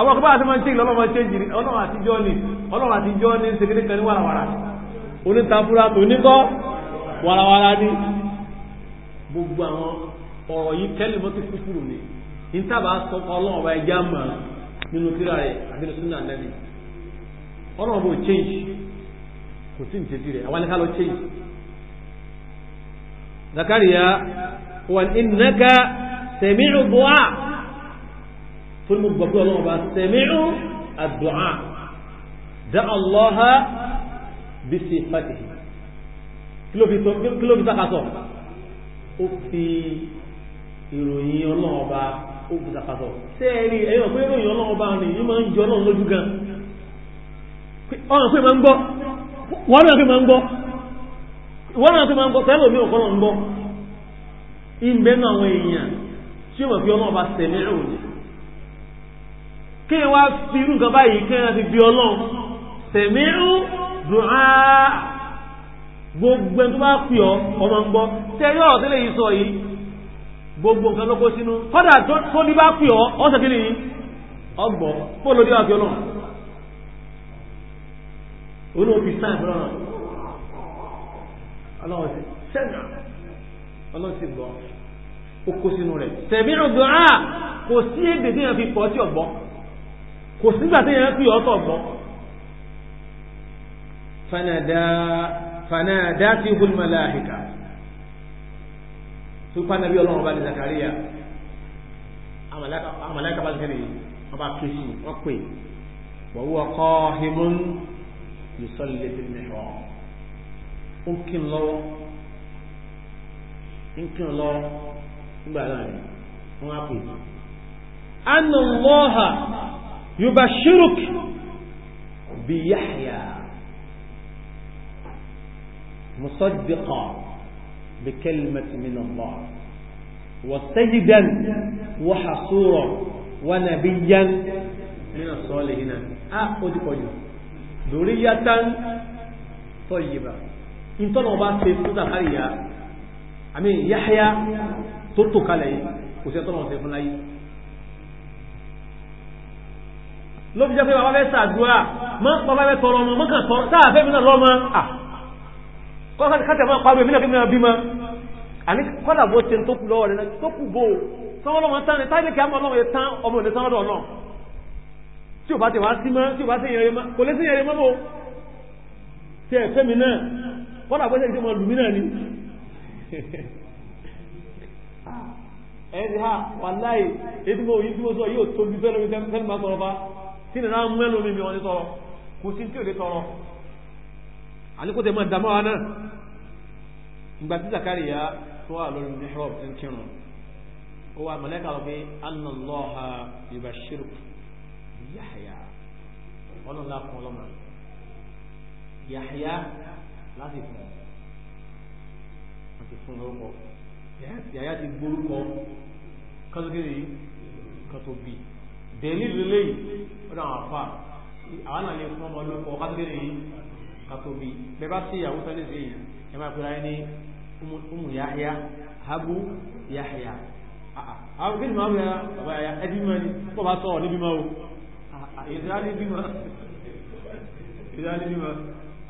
àwọn akọ́bá àti máa ń tẹ́lẹ̀ ọlọ́wọ́ ṣe jìrì ọlọ́wọ́ àtijọ́ ni ọlọ́wọ́ àtijọ́ ni ṣèkéde kan ní wàràwàrà onítàfúra tó níkọ́ wàràwàrà ni gbogbo àwọn ọ̀rọ̀ yìí tẹ́lẹ̀ mọ́tò kúkúrú ni nítàbà sọ ọlọ́wọ́ bá ẹja mà nínú kíra rẹ̀ àti nínú sínú ànábì ọlọ́wọ́ bó change kò sí nìtẹ́sí rẹ̀ àwọn alẹ́ká change Zakariya wà ní innaka torí mo gbọ́ pé ọlọ́run bá sami'u ad-du'a da'a Allaha bi sifatihi kí ló fi sàkàtọ̀ ó fi ìròyìn ọlọ́run ọba ó fi sàkàtọ̀ ṣé ẹ rí ẹyọ pé ìròyìn ọlọ́run ọba ni yìí máa ń jọ ọlọ́run lójú gan ọ̀ràn pé máa ń gbọ́ wọ́n náà pé máa ń gbọ́ wọ́n náà pé máa ń gbọ́ tẹ́lẹ̀ omi ọ̀kọ́ náà ń gbọ́ ìbẹ́ náà àwọn èèyàn tí ó mọ̀ fi ọlọ́run ọba sẹ̀mí ni kí ẹ wá fi irú nǹkan báyìí kí ẹ fi bí ọlọ́run tẹ̀mírú dùnà gbogbo ẹni tó bá pè ọ ọmọ ń gbọ́ tẹ ẹ yọ̀rọ̀ tẹ́lẹ̀ yìí sọ yìí gbogbo nǹkan ló kó sínú kọ́dà tó ní bá pè ọ ọ̀sẹ̀ kí ni ọgbọ̀ pọ̀ lóde wà pé ọlọ́run olóòfin sáà fúnra ọlọ́run ti sẹ́nà ọlọ́run ti gbọ́ ó kó sínú rẹ̀ tẹ̀mírú dùnà kò sí èdè tí wọ́n fi pọ̀ sí ọ̀gbọ́n kò sígbà tí yẹn fi ọ̀tọ̀ gbọ́ fanada ti hul malaika tó pa nàbí ọlọ́run bá ní Zakariya àmàlẹ́kà bá tẹ́lẹ̀ wọ́n bá ké sí wọ́n pè wọ́n wọ́n kọ́ himun yusalli fi mihrab ó kí n lọ́wọ́ nígbà náà ni wọ́n á pè. يبشرك بيحيى مصدقا بكلمة من الله وسيدا وحصورا ونبيا من الصالحين أخذ آه، قجر ذرية طيبة إن طلبا سيفو زكريا أمين يحيى تلتك عليه وسيطلبا سيفو ló fi jẹ́ pé bàbá fẹ́ sàdúrà mọ́ bàbá fẹ́ tọrọ ọmọ mọ́kàn tọrọ sáà fẹ́ mi náà lọ́mọ à ah! kọ́sàtẹ̀ máa parọ́ èmi náà fẹ́ mi náà bímọ àní kọ́là bó ṣe tó kù lọ́wọ́ rẹ̀ tó kù bó sọ́wọ́lọ́mọ tán ni táyé kí á mọ́ lọ́wọ́ tán ọmọ òde tán lọ́dọ̀ náà tí ò bá ti wá sí mọ́ tí ò bá sí yẹrẹ mọ́ kò lé sí yẹrẹ mọ́ bò tí ẹ fẹ́ mi náà kọ́là bó ṣe ti mọ lùmí náà ni ẹ̀ *laughs* ah! ẹ́ ti ha wàláì ètò ìmọ̀ òyìn tí mo sọ yóò tóbi fẹ́ lómi fẹ́ tí nìra mú ẹlò mi wọn ní tọrọ kò sí tí ò lè tọrọ àníkó tẹ mọ́ ìdámọ́ wa náà ìgbà tí Zakariya tó wà lórí mihrab ń kírun ó wà mọ̀lẹ́kà lọ pé annallaha yubashiru Yahya ọlọ́run láàfún ọlọ́mà Yahya láti fún ọ fún lórúkọ Yahya ti gbórúkọ kọ́sókè yìí kọ́sókè bíi dẹ̀lí lélẹ̀ yìí ó dà wọn fà àwọn náà lè fún ọmọ olóko ọba bẹ̀rẹ̀ yìí kàtó bi bẹ́ẹ̀ bá sí ìyàwó sọ́lé sí yìí ẹ máa pèrè ayé ní umu yahya habu yahya àwọn kí ni màá bẹ̀rẹ̀ bàbá yahya ẹ bímọ ni kó bá sọ̀rọ̀ níbí máa o ìdílá ní bímọ ìdílá ní bímọ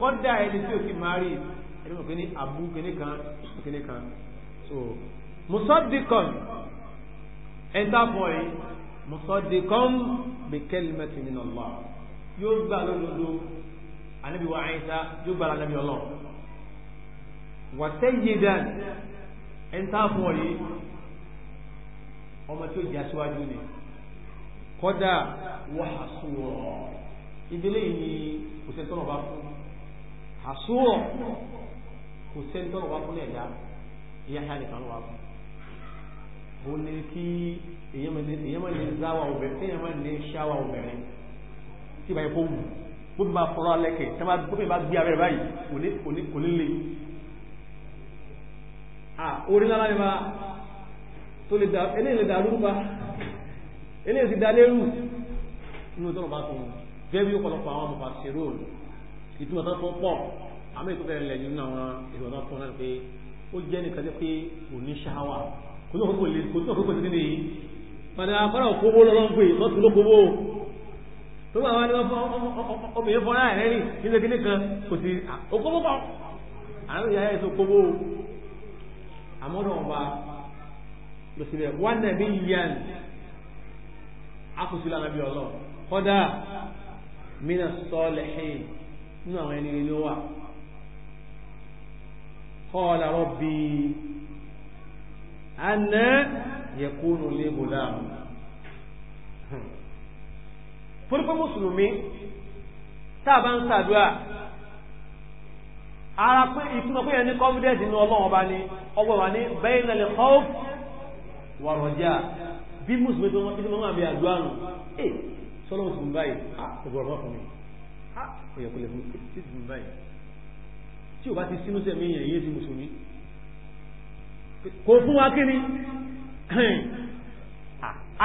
kọ́dà ẹni tí ò ti máa rí ẹni mọ̀ pé abu kìnnì kan kìnnì kan so musadikon ẹ̀ńtà fọ̀ yìí musaddiqan bi kalimatin min Allah yóò gbà lódodo anabi wa Isa yóò gbà anabi ọlọ́run wa sayyidan ẹni tá a fún ọ yìí ọmọ tí ó jà síwájú ni kọ́dà wà ìdílé yìí ni kò bá fún hasúrọ̀ kò bá fún ẹ̀dá ìyá sáà nìkan ló fún ó ní kí èyàn máa lè záwà obìnrin tí èyàn máa lè ṣáwà obìnrin tí ìbáyìí kó wù bóbi bá fọ́rọ́ alẹ́kẹ̀ tí bóbi bá gbé abẹ́rẹ́ báyìí kò ní lè orí lára ní máa tó lè dà eléyìí lè dàrú bá eléyìí ti dá lérú inú tó lọ bá tó wọn bẹ́ẹ̀ bí ọ̀pọ̀lọpọ̀ àwọn ọmọ pàṣẹrò ìtumọ̀ tó pọ̀ àmì ìtọ́fẹ́ lẹ́yìn nínú àwọn ìrọ̀lọ́pọ̀ náà pé ó jẹ́ nìkan pé kò ní ṣáwà kò ní òkòkò lè kò ní òkòkò sí nìyí padà apára òkòwò lọ́lọ́gbé lọ́tún lókòwò tó wà wá ní ọmọbìnrin fọ́nrá rẹ̀ rìn nílé kíní kan kò sí òkòwò kan àwọn ìyá ẹ̀ sókòwò àmọ́dọ̀ ọba lọ síbẹ̀ wà nàbí yan akùsílẹ̀ ànábì ọlọ́ kọ́dà mina sọ́ọ̀lẹ̀hìn nínú àwọn ẹni ilé wa kọ́ ọ̀la rọ́bì anna yakunu li gulam torí pé mùsùlùmí tá a bá ń ṣàdúrà ara pé ìtumọ̀ pé yẹn ní confidence inú ọlọ́run ọba ni ọgbọ̀n wà ní bayna al khawf wa raja bí mùsùlùmí tó wọ́n fi mọ́ àbí àdúrà nù ẹ sọ́lọ́ mùsùlùmí báyìí kò fún wa kí ni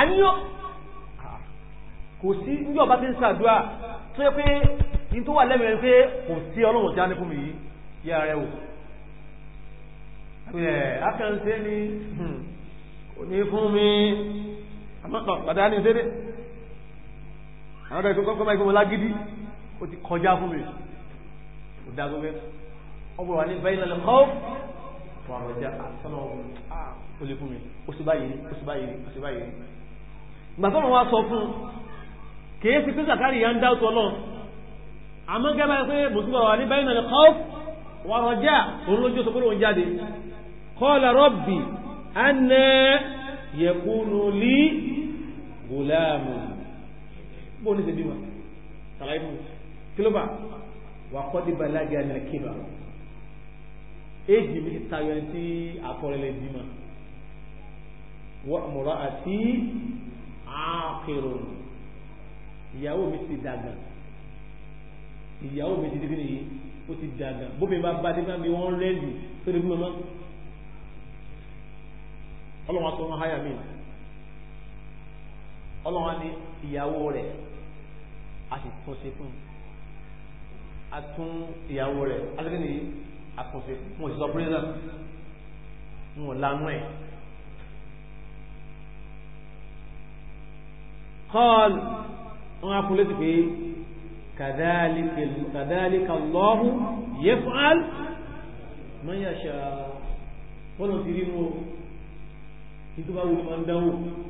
àníyàn kò sí ní ọba tí ń sàdúrà tó yẹ pé ní tó wà lẹ́mẹ̀ẹ́ pé kò sí ọlọ́run tí a ní fún mi yìí yára rẹ̀ wò akẹ́ǹsẹ́ ni hmm, kò ní fún mi àmọ́pàdá ní ìṣẹ́dẹ̀ àwọn ọ̀dọ̀ ìkọ́kọ́ máa ìkọ́mọ́ lágídí ó ti kọjá fún mi ò dágọ́gẹ́ ọgbọ̀wà ní bẹ́ẹ̀lẹ̀ wà rọjá àtọ́nà ọ̀hún ó lè fún mi ó sì báyìí ó sì báyìí ó sì báyìí. ìgbà tó wọ́n sọ fún kìí fi pínlẹ̀ kárí ya ń dá ọ̀tọ̀ lọ́n àmọ́ gẹ́gẹ́ pé mùsùlùmí wà ní báyìí náà kọ́ wà rọjá òun lójú sọ pé òun jáde kọ́lá rọ́bì anna yakunu li gùlámù bó ní ṣe bí wa kàlàyé fún kí ló bá wà kọ́ dé balaga ní kíbà éèjì mi ti tayọ ẹni tí akọrẹlẹ bímọ wọ́n mọ̀rọ̀ àti àkèrò ìyàwó mi ti dàgbà ìyàwó mi ti dìgbìn yìí ó ti dàgbà bóbi bá bá dé bá mi wọ́n rẹ́ẹ̀lì tó dé bímọ mọ́ ọlọ́wọ́n aṣọ wọn háyà mi ọlọ́wọ́n ní ìyàwó rẹ̀ a sì tún ṣe fún un a tún ìyàwó rẹ̀ a sì akànfẹ́ wọn ò sọ prison wọn ò lanú ẹ̀. kọ́ọ̀lù wọn á fún létí pé kàdáàlíkà lọ́hùn yẹ́fọ́l mọ́yàṣà fọ́nà ti rí mú o ní tó bá wù ní máa ń dánwò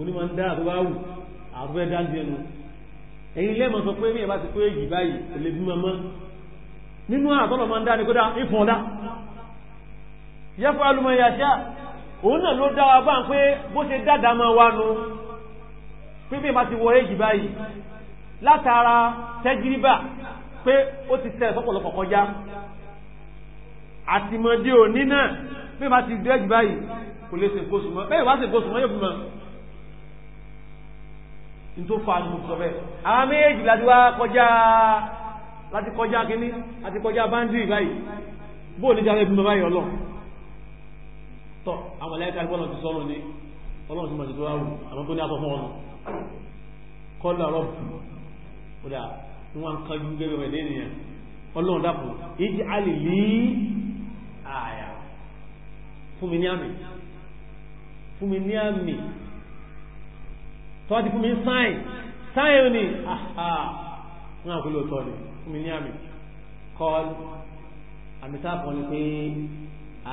oní máa ń dá àbúrò àwù ń dẹnu ẹ̀yin lẹ́ẹ̀mọ̀ sọ pé bí ẹ bá ti pé èyí báyìí kò lè bí mamá nínú àtọ́lọ̀ máa ń dá ní kó dá ìfún ọ̀dá yẹ́fọ́ alùmọ̀ yàṣá òun náà ló dá wa bá ń pé bó ṣe dáadáa máa wá nu pé bí ma ti wọ èjì báyìí látara tẹ́gíríbà pé ó ti tẹ̀ sọ́pọ̀lọpọ̀ kọjá àtìmọ̀dé òní náà pé ma ti dẹ́jì báyìí kò lè ṣe kóṣù mọ́ bẹ́ẹ̀ wá ṣe kóṣù yóò fi ní tó fa àdúgbò sọ bẹ́ẹ̀ àwọn méjì láti wá kọjá láti kọjá kíní láti kọjá báńdì báyìí bóò ní jáde bímọ báyìí ọlọ́ tọ́ àwọn ẹlẹ́ka ìbọn ti sọ́run ní ọlọ́run ti mọ̀ sí tó wá wù àwọn tó ní aṣọ fún ọ̀nà kọ́lá rọ́ọ̀bù kódà wọn kanjú gẹ́gẹ́ bẹ̀rẹ̀ nìyẹn ọlọ́run dàpọ̀ ìjì alì àkúlò tọ́ fún mi ní àmì kọ́l àmì tá a kọ́ ni pé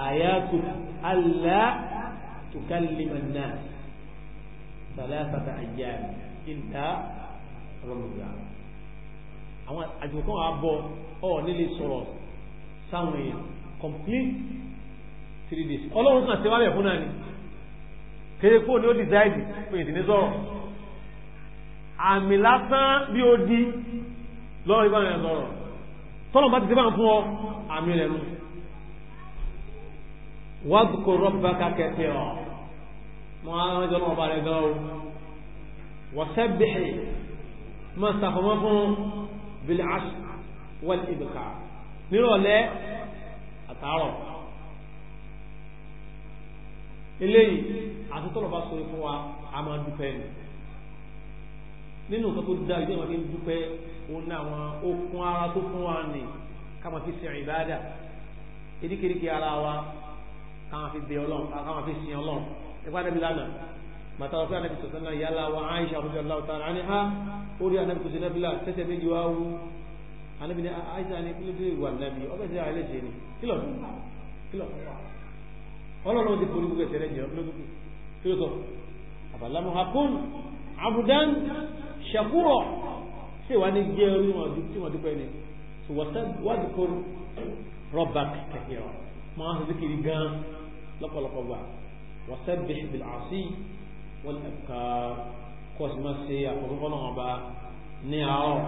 àyàtò àlá tukallima nas salasata ayyam ìta rọmùdà àwọn àjùmọ̀ kan wà bọ̀ ọ̀ nílé sọ̀rọ̀ sáwọn èèyàn complete three days ọlọ́run kan ṣe wá bẹ̀ fún náà ni kéré kó ní ó dìsáìdì pé ìdílé sọ̀rọ̀ àmì lásán bí ó di lọ́rọ̀ ìbá rẹ̀ sọ̀rọ̀ tọ́nà bá ti sẹ́bà fún ọ àmì rẹ̀ nù wà kò rọ́bà kàkẹ́ pé ọ mọ àwọn ìjọ náà bá rẹ̀ gan o nírọ̀lẹ́ àtàárọ̀ eléyìí àtúntọ́nà bá sọ fún wa a máa dúpẹ́ ni nínú nǹkan tó dáa ìdí àwọn tí ń dúpẹ́ òun ní àwọn okun ara tó fún wa nì káwọn fi sin ìbáàdà eríkèéríkèé ara wa káwọn fi bẹ ọlọ́run káwọn fi sin ọlọ́run ẹgbẹ́ àdàbí lánàá màtà ọ̀pẹ́ àdàbí sọ̀tàn náà yálà wa Aisha rọ̀bì aláwọ̀ tààrà á ní ha ó rí àdàbí kò sí nẹ́bílà tẹ́tẹ́ méjì wá wú àdàbí ní ah, Aisha ní kílódé ìwà nàbí ọbẹ̀ sí àìlè jẹ́ ni kílọ̀ kílọ̀ ọlọ́run ti ṣàkúrọ̀ ṣe wà ní jẹ́ orí wọn tí wọ́n dúpẹ́ ni so wọ́n kó rọ́bà kẹ̀kẹ́ ọ̀ máa ń zikiri gan lọ́pọ̀lọpọ̀ gbà wọ́n sẹ́bi bil asi wọ́n ẹ̀ka kọ́sì máa ṣe àkọ́kọ́ náà bá ní àárọ̀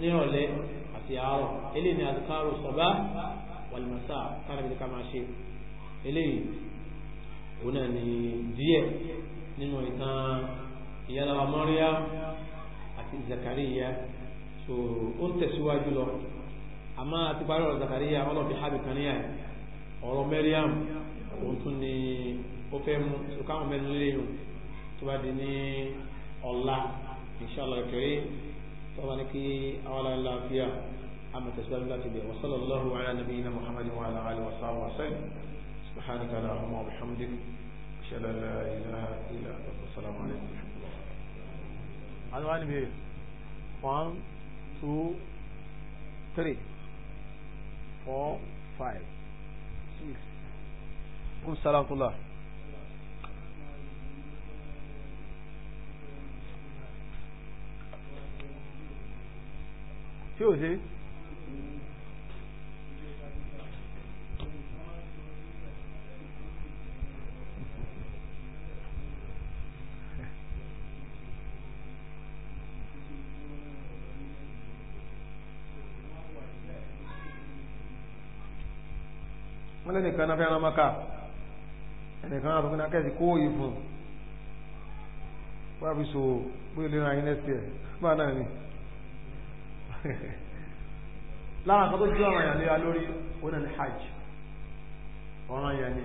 ní ìrọ̀lẹ́ àti àárọ̀ eléyìí ni àdúkárò sọ̀bá wàlùmọ̀sá kára bí máa ṣe eléyìí òun náà ni díẹ̀ nínú ìtàn ìyálàwà mọ́ríyá zakariya so ó tẹ̀síwájú lọ àmọ́ àti parí ọ̀rọ̀ zakariya ọlọ́ọ̀fi hábì kan níyà ọ̀rọ̀ mẹ́ríàm òun tún ni ó fẹ́ mú so káwọn mẹ́rin léyìn tó bá di ní ọ̀la inṣàlá kẹrẹ tó bá ní kí àwọn aláàfíà àmọ̀ tẹ̀síwájú láti bẹ̀ wasallallahu ala nabiyina muhammadin wa ala alihi wa sahbihi wa sallam subhanaka allahumma wa bihamdik ashhadu an la ilaha illa anta astaghfiruka wa atubu ilayk àwọn àni bèrè one two three four five six kún sálákúlà. tí ò wọ́n lẹ́nìkan náà fẹ́ràn mọ́ká ẹnìkan náà fún akẹ́sì kó òye fún wọ́n fi so pé lè ràn yín lẹ́sẹ̀ bá náà ni *laughs* lára kan jẹ́ ọ̀ràn yàn léra lórí òun ni hajj ọ̀ràn yàn ni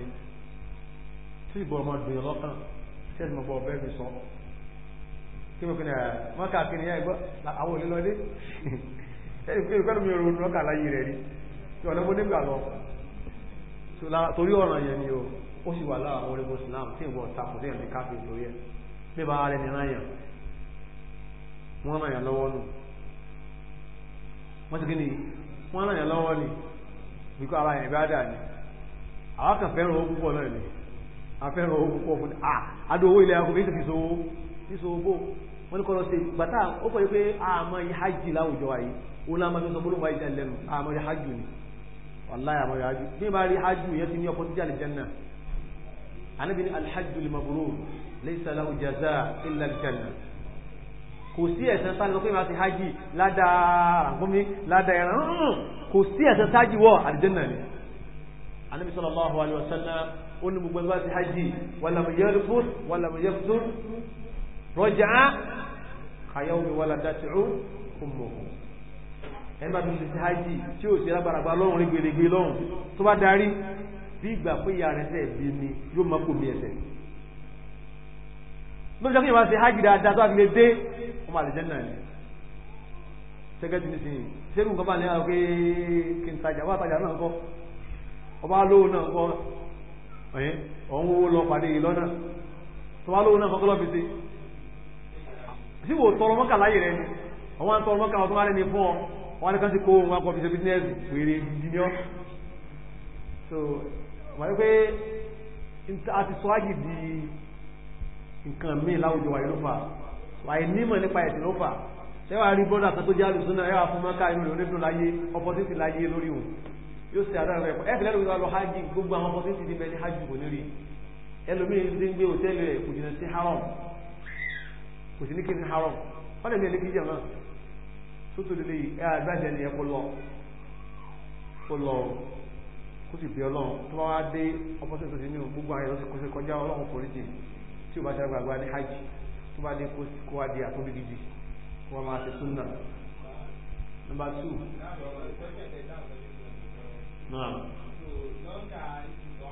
tí ìbọn ọmọ gbìyàn lọ́kàn tí ẹ̀sìn ọgbọ́n ọ̀bẹ́ mi sọ kí mo fi ní mọ́ká kí ni yá ìgbọ́ àwọn òlélọ́dé *laughs* ẹ̀sìn pé ìgbọ́n mi ò ronú ọkà láyé rẹ̀ rí ọ̀nà mo nígbà lọ torí ọ̀ràn yẹn ni o ó sì wà lára àwọn orígun islam tí ìwọ̀n takò sí ẹ̀mí káfíń torí ẹ̀ bí bá rẹ̀ ní ráyàn wọ́n ràn yàn lọ́wọ́ nù wọ́n ti kí ni wọ́n ràn yàn lọ́wọ́ ni bíkọ́ ara yẹn bá dà ní àwọn kan fẹ́ràn owó púpọ̀ náà ni àfẹ́ràn owó púpọ̀ fún à adó owó ilẹ̀ akọ̀ méjì fi so owó fi so owó wọ́n ní kọ́ lọ sí gbàtà ó kọ́ yí pé àmọ́ yí láwùjọ ni wàláyà àmọ́ yàájú bí bá rí hajjú yẹ́ ti ní ọkọ̀ jíjà aljanna anábi ni alhajjú lè mọ̀bùrú laysa lahu jaza illa aljanna kò sí ẹ̀sẹ̀ sáà lọ́pẹ́ máa ti hajji ládàá àgbómi ládàá ẹ̀rọ kò sí ẹ̀sẹ̀ sáàjì wọ́ aljanna ni anábi sallallahu alaihi wasallam ó ní gbogbo ẹgbẹ́ ti hajji walam yarfus walam yafsur raja'a kayawmi waladathu ummuhu ẹni bá tún ti hajj tí ò sí lágbàràgbà lọ́rùn rí gbèrègbè lọ́rùn tó bá darí bí ìgbà pé ìyá rẹ̀ sẹ̀ bí ni yóò má kò mí ẹsẹ̀ lórí sọ́kè ìwà ṣe hajj dáadáa tó a fi lè dé ọmọ àlejò náà ni sẹ́gẹ́tì ní sìn sẹ́rù nǹkan bá ní àwọn pé kí n tajà wá tajà náà kọ́ ọba lówó náà kọ́ ẹ̀yìn ọ̀hún owó lọ pàdé yìí lọ́nà tó bá lówó náà kọ́kọ́ lọ́ wọ́n ní kan ti kó ohun wọn kọ́ fi ṣe bísínẹ́sì péré gidi ọ́ so wọ́n pé a ti sọ ájì di nǹkan míì láwùjọ wáyé ló fà wáyé nímọ̀ nípa ẹ̀sìn ló fà ṣẹ́wàá rí bọ́dà kan tó jẹ́ àlùsùn náà ẹ̀wà fún mọ́ká inú rẹ̀ onídùn láyé opportunity láyé lórí òun yóò ṣe àdára rẹ̀ ẹ̀fẹ̀ lẹ́nu ìwà lọ hajj gbogbo àwọn opportunity ní bẹ́ẹ̀ ní hajj kò ní rí ẹlòmíràn ti ń gbé hòtẹ́ẹ̀lì rẹ̀ kò jìnnà sí haram kò sí ní kí ni haram wọ́n lè ní ẹni kí jẹ̀ náà tó tó lélẹ̀ yìí ẹ àgbàṣẹ ni ẹ kó lọ kó lọ kó sì bí ọlọ́run tó bá wá dé ọpọ́sẹ̀ tó ti ní gbogbo ayọ̀ tó kọsẹ̀ kọjá ọlọ́run foríjì tí ò bá ṣe àgbàgbà ní hajj tó bá dé kó wá di àtúndì gidi kó wá máa ṣe súnà. nọ́mbà tù. náà. lọ́ńdà ìṣùgbọ́n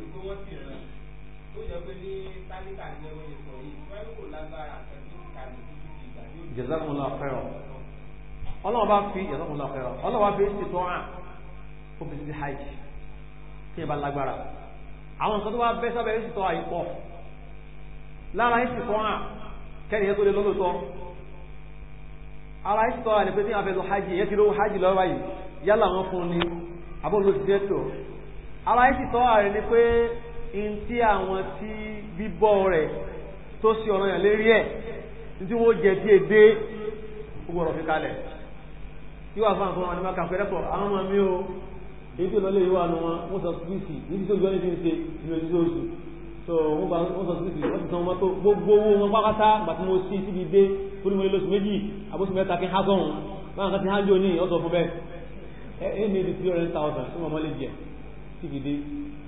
àti ọlọ́run jazakumullahu khairan ọlọ́wọ́ bá fi jazakumullahu khairan ọlọ́wọ́ bá fi ṣètò hàn fún bíi hajj tí ìbá lágbára àwọn nǹkan tó wá bẹ́ sábẹ́ yóò sì tọ́ àyípọ̀ lára yóò sì tọ́ hàn kẹ́ni yẹn tó lé lọ́lọ́tọ́ ara yóò sì tọ́ hàn pé tí wọ́n fẹ́ lọ hajj yẹn ti lọ hajj lọ́wọ́ yìí yálà wọn fún ni àbọ̀ ló ti dẹ́ ara yóò hàn ni pé in tí àwọn tí bíbọ́ rẹ̀ tó sí ọ̀rọ̀ yàn lérí ẹ̀ tí wọ́n jẹ tí èdè gbogbo ọ̀rọ̀ fi kalẹ̀ yíwà fún àwọn ọmọdé máa pẹ̀lẹ́ pọ̀ àwọn ọmọ mi o èyí tó lọ́lẹ̀ yíwà nù wọn wọ́n sọ síìsì níbi tó jọ ní ti ń ṣe ìlú èyí tó oṣù tó wọ́n bá wọ́n sọ síìsì wọ́n ti san mọ́tò gbogbo owó wọn pápátá gbà tí mo sí síbi dé fún mi lóṣù méjì àbóṣù mẹ́ta kí n há sọ̀hún báwọn kan ti há jò ní ọ̀sọ̀ fún bẹ́ẹ̀ ẹ̀ ẹ̀ ní ibi three hundred thousand tí mo mọ́ lè jẹ́ sígidé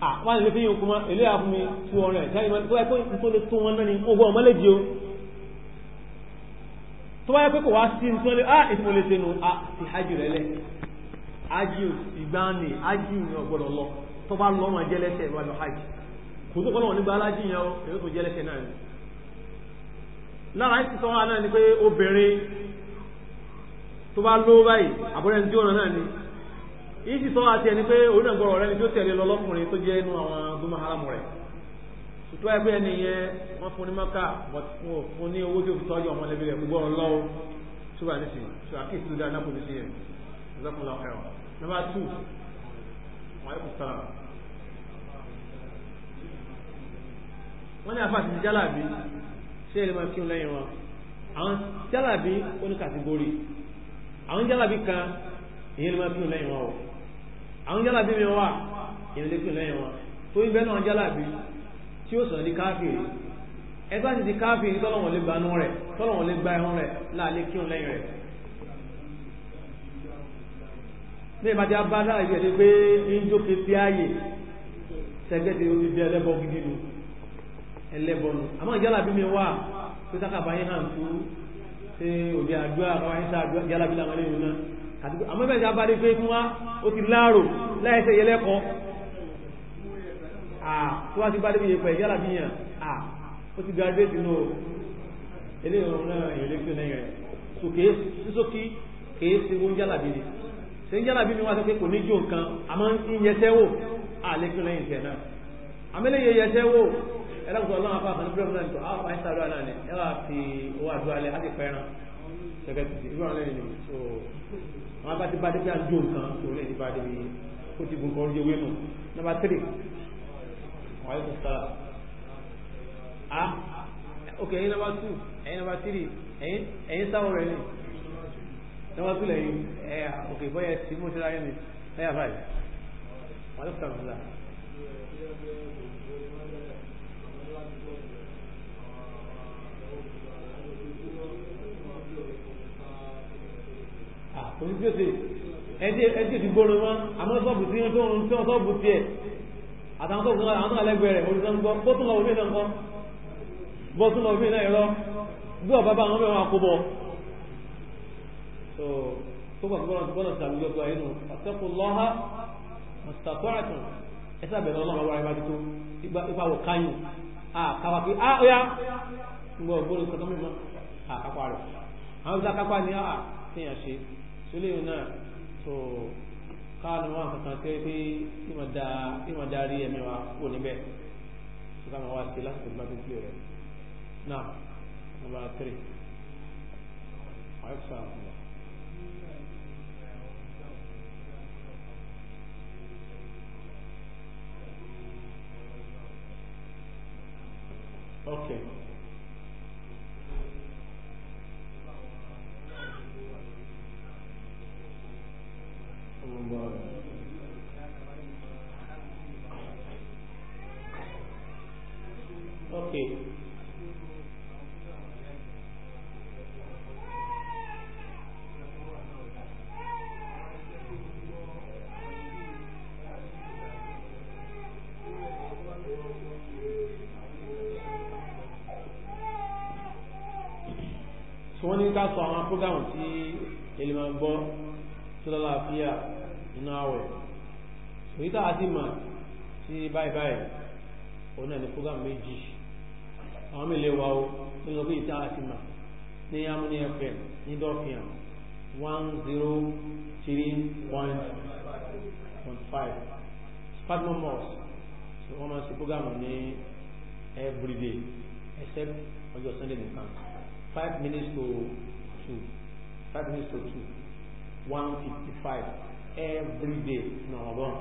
àwọn àti fi yín kúmọ́ èlé àfúnmi tí wọ́n rẹ̀ jáde tó wáyé pé tó lè tó wọn náà ogun ọmọ lè di o tó wáyé pé kò wá sí ah lè sẹnu ti hajj rẹ lẹ hajj hajj ni ọgbọ́dọ̀ lọ tó bá lọ wọn jẹlẹsẹ wà lọ hajj kò tó kọ́ lọ́wọ́ nígbà alájì yẹn o èyí tó jẹlẹsẹ náà ni lára sọ náà ni pé yìí sì sọ àti ẹni pé òun náà gbọ́rọ̀ rẹni tó tẹ̀lé lọ lọ́kùnrin tó jẹ́ inú àwọn gbọ́mọ haramu rẹ̀ tó ẹ pé ẹni yẹn wọ́n fún ní mọ́kà wọ́n fún ní owó tó fi tọ́jú ọmọ ẹlẹ́bí rẹ̀ gbogbo ọ̀rọ̀ lọ́wọ́ ṣùgbọ́n ní sìn ṣù àkíyèsí tó dáa nápò sí yẹn ìzọ́kùn lọ ẹ̀rọ nọ́mbà tù wọ́n ẹ̀kú sọ̀rọ̀ wọ́n ní àfàṣì jálàbí ṣé ẹ lè máa kírun lẹ́yìn wọn àwọn jálàbí oníkàtìgórì àwọn jálàbí kan ìyẹn lè máa kírun lẹ́yìn wọn o àwọn jálàbí mi wà èèyàn lè pè lẹ́yìn wọn tó ń bẹ́ náà jálàbí tí ó sọ̀rọ̀ di káfíìrì ẹgbẹ́ ti di káfíìrì tọ́lọ̀wọ̀n lè gbanú rẹ̀ tọ́lọ̀wọ̀n lè gba ẹ̀hún rẹ̀ láàlé kírun lẹ́yìn rẹ̀ ní ìbájá bá dára ìbí ẹ̀dẹ́ pé ń jókè sí ààyè sẹ́gbẹ́ ti omi bí ẹlẹ́bọ gidi nu ẹlẹ́bọ nu àmọ́ ìjálàbí mi wà pé sákàbáyé hàn tú ṣe òde àdúrà àdúgbò àmọ́ bẹ́ẹ̀ sábà rí pé fún wa ó ti láàrò láìsẹ̀ yẹ lẹ́kọ̀ọ́ tó wá sí bá débi yẹpẹ̀ yálà bí yàn ó ti graduate nù eléyìí ọ̀run náà èlé fi lẹ́yìn rẹ̀ so kèé sísókí kèé sí owó ń yálà bí ni ṣe ń yálà bí ni wọ́n sọ pé kò ní jó nǹkan àmọ́ ń yẹsẹ́ wò àlé fi lẹ́yìn tiẹ̀ náà àmẹ́lẹ́yẹ yẹsẹ́ wò ẹlẹ́kùtọ̀ ọlọ́run afọ àfọ̀nù bírọ̀ náà tó àwọn àìsà àdúrà náà ni ẹ wà fi owó àdúrà lẹ á sì fẹ́ràn ṣẹ̀kẹ́ tuntun ìlú wọn bá ti bá dé pé àjò nǹkan òun náà ti bá dé kó ti gun kan orí ewé nù nọ́mbà tírì wọn tó sára a ok ẹyin nọ́mbà tù ẹyin nọ́mbà tírì ẹyin sáwọn rẹ ni nọ́mbà tù lẹ́yìn ẹ ok bọyẹ tí mo ṣe ra yẹn ni báyìí wọn tó sára kò sí tíyóse ẹtí ẹtí ti gbóòrò wọn àmọ́ sọ́ọ̀bù tí wọ́n tó ń tí wọ́n sọ́ọ̀bù tiẹ̀ àtàwọn sọ́ọ̀bù náà àwọn alẹ́gbẹ̀ẹ́ rẹ̀ orí sọ́ọ̀bù bó tún lọ omi náà kọ́ bó tún lọ omi náà ẹ̀rọ bí ọ̀bá bá àwọn mẹ́wàá kó bọ̀ tó gbà gbọ́dọ̀ ti gbọ́dọ̀ sàlùyọ gba inú àtẹ́kù lọ́ha mọ̀tàkùràtùn ẹ eléyìí náà tó káàánú wọn kankan tẹ́ pé kí wọ́n darí ẹ̀mí wa kó níbẹ̀ tó ká máa wá sí lásìkò tó bá ti kí náà nọ́mbà tírì àìsàn àkùnà. Okay. ká sọ àwọn prógámù tí èlìmọ̀ ń gbọ́ tó lọ́la fíà nínú àwẹ̀ èyí tá a ti mà sí báyìí báyìí òun náà ní prógámù méjì àwọn mélòó wa o ní lọ́gbé yìí tá a ti mà ní amúní fm ní dọ́fíà one zero three point point five spadmo mosque wọ́n máa ń ṣe prógámù ní everyday except ọjọ́ sunday nìkan five minutes to two five minutes to two one fifty five every day ní ọ̀rọ̀bọ̀n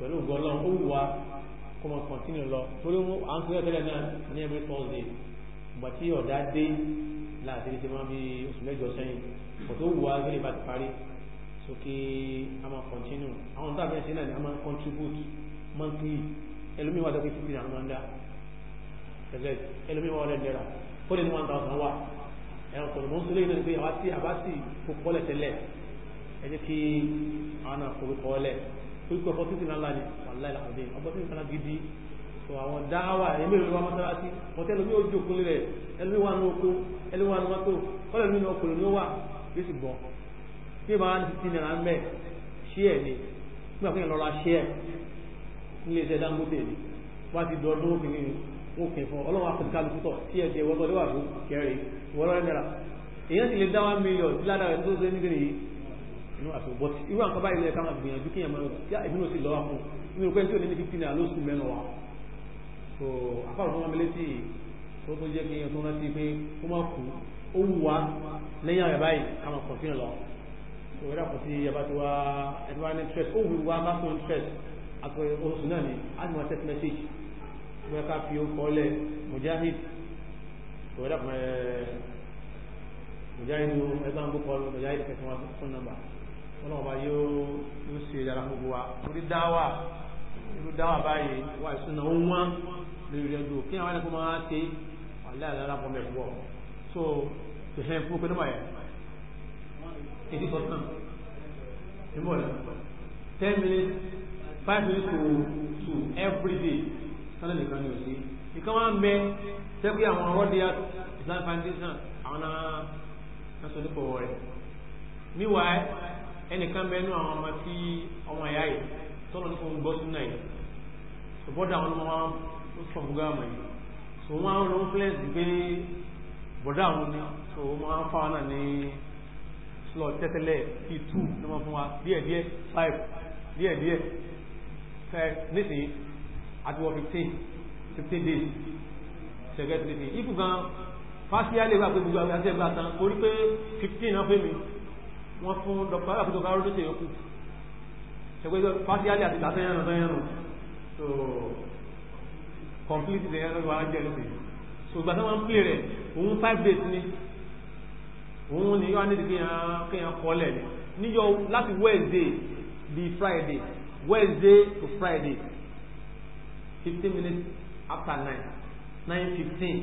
pẹ̀lú gọ́lọ́n ó wù wá kó mọ̀ continue lọ torí mú à ń tó ẹgbẹ́lẹ̀ náà ní every Thursday ìgbà tí ọ̀dá dé láti ṣe máa bí oṣù mẹ́jọ sẹ́yìn kò tó wù wá gẹ́lẹ́ bá ti parí sókè a máa continue àwọn tó àfẹ́ ṣe náà ni a máa contribute monthly ẹlòmíwájú pé fífi àwọn máa ń dá ẹlòmíwájú ọ̀rẹ́ dẹ́ra ó lè mú one thousand wá ẹ̀rọ kò mọ̀ ń sọlé ìlú pé àwa tí àbá sì kókó lẹ̀ tẹ́lẹ̀ ẹ jẹ́ kí àwọn náà forúkọ lẹ̀ orúkọ opportunity ńlá ni wàhálà ìlàkọ̀dé opportunity ńlá gidi tó àwọn dáhàwà ẹ̀mí ìlú wa mọ́sálásí ọ̀tẹ́ ẹlòmí ojú òkun rẹ̀ ẹlòmí wà ní oko ẹlòmí wà ní mọ́tò kọ́lẹ̀ nínú ọkùnrin ló wà yóò sì bọ̀ tí ìbá wa ti nira ń bẹ̀ ṣí ẹ̀ ni nígbà fún ìlọra ṣí ẹ̀ nílé iṣẹ́ Dangote ni wọ́n ti dọ̀ ọdún wọn kẹ fún ọlọ́wọ́ akọ̀dùkálùkù tọ̀ tí ẹ̀jẹ̀ wọ́tọ̀ ló wà fún kẹrin wọ́lọ́rẹ́ náírà èèyàn sì lè dá one million tí ládàá rẹ̀ tó ṣe nígbè nìyí inú àti bọ́ tí irú àkọ́bá ilẹ̀ ká máa gbìyànjú kí ẹ̀mọ́ tí èmi náà sì lọ́wọ́ fún inú pẹ́ tí ò ní ní fifteen naira ló sùn mẹ́nu wa so afárò fún wamilé tí ó tó jẹ́ kí ẹ̀yàn tó rántí pé ó máa kú ó wù wá lẹ́yìn àrẹ̀ báyìí a máa kàn sínú lọ so ẹ̀dá kò sí ẹ̀bá tí wá ẹ̀dá wá ní stress ó wù wá bá fún stress àti oṣù náà ni a ní wọn text message bí ká fi ó kọ́lẹ̀ mujahid ìwọ́dà fún ẹ̀ mujahid ẹgbẹ́ àwọn bókọ́ mujahid kẹsàn án fún nàmbà wọn ọba yóò ṣe yàrá gbogbo wa orí dáwà irú dáwà báyìí wà ìsúná ó wọ́n lórí rẹ̀ jù kí àwọn ẹni kó máa ṣe wàlẹ́ àlàlà pọ̀ mẹ́fọ́ so tẹ̀sán fún pẹ̀lú báyìí eighty percent níbo ni ten minutes five minutes to two every day kálẹ̀ nìkan ni ò sí nìkan wá ń bẹ sẹ́kù àwọn rọ́díà Islam foundation àwọn aṣọ nípa ọ̀wọ́ rẹ̀ níwàá ẹnìkan bẹ nú àwọn ọmọ tí ọmọ ẹ̀yà yìí tọ́lọ̀ nípa ohun gbọ́ súnà yìí bọ́dà àwọn ọmọ wọn ó sọ fúgá àmọ́ yìí so wọn àwọn influence gbé bọ́dà àwọn ni so wọn á fáwọn náà ní lọ tẹ́tẹ́lẹ̀ bíi two ló máa fún wa díẹ̀díẹ̀ five díẹ̀díẹ̀ nísìnyí àti wọ fifteen fifteen days ṣẹ̀gẹ́ ti fi ikú gan fásitì alẹ́ wà pé gbogbo àwọn àti ẹgbẹ́ àtàn torí pé fifteen náà fẹ́ mi wọ́n fún dr alákòóso bá rọ́dọ̀ ṣèyàn kù ṣẹ̀gbẹ́ fásitì alẹ́ àti ìgbàsẹ́ yẹn rẹ̀ rùn so complete the end of our jẹ́ lóde so ìgbà tó wọ́n ń pè rẹ̀ òun five days ni òun ni yóò ní kéèyàn kéèyàn kọ́lẹ̀ níjọ láti Wednesday di Friday Wednesday to Friday fifteen minutes after nine nine fifteen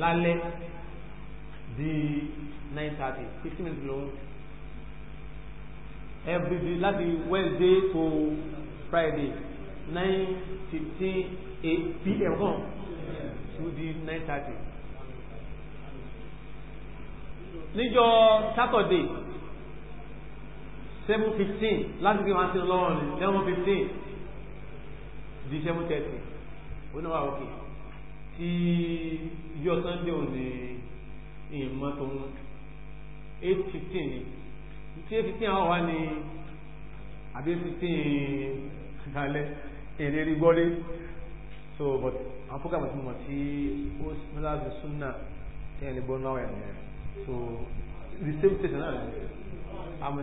lálẹ́ di nine thirty fifteen minutes lòun every day láti Wednesday to Friday nine fifteen eight pm kan to di nine thirty níjọ́ Saturday seven fifteen láti fi wọn sí lọ́wọ́ ní seven fifteen di seven thirty oníwà òkè tí ìjọ sunday òní ìmọ̀ tó ń 8:15, fifteen ni tí 8:15, fifteen àwọn wà ní àbí eight ìdálẹ́ èrè rí gbọ́lé so but àwọn program ti mọ̀ tí ó mọ́lá ti súnà tí ẹni bọ́ náà ẹ̀ so the same station náà ni àmì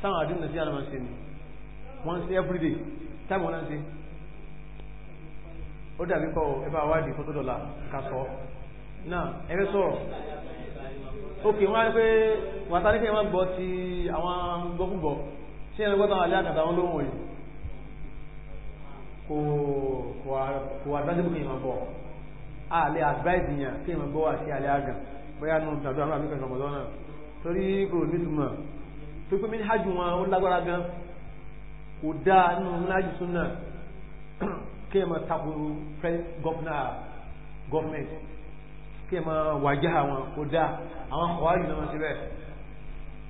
táwọn àdínà sí àná máa ń ṣe ni once every day táwọn náà ń ṣe ó dàbí kọ́ ẹbá wádìí kó tó dọ̀la kásọ̀ náà ẹgbẹ́ sọ̀rọ̀ ókè wọ́n á pé wàtá ní kí ẹ má gbọ́ ti àwọn gbọ́kúgbọ́ tí ẹ̀rọ gbọ́ta alẹ́ àkàtà wọn lóhùn yìí kò àdájúbù kí ìmọ̀ bọ̀ alẹ́ advice yẹn kí ìmọ̀ bọ̀ àti alẹ́ àgàn bóyá nù tàbí àwọn àmìkàn ọmọdé náà torí kò nítumọ̀ tó pé mi ní hajj wọn ó lágbára gan kò dáa nínú mi ní hajj sunnah kí ẹ máa takuru gọ́fúnà gọ́fúnmẹ̀ntì kí ẹ máa wàjá àwọn kò dá àwọn àwárí náà ti rẹ̀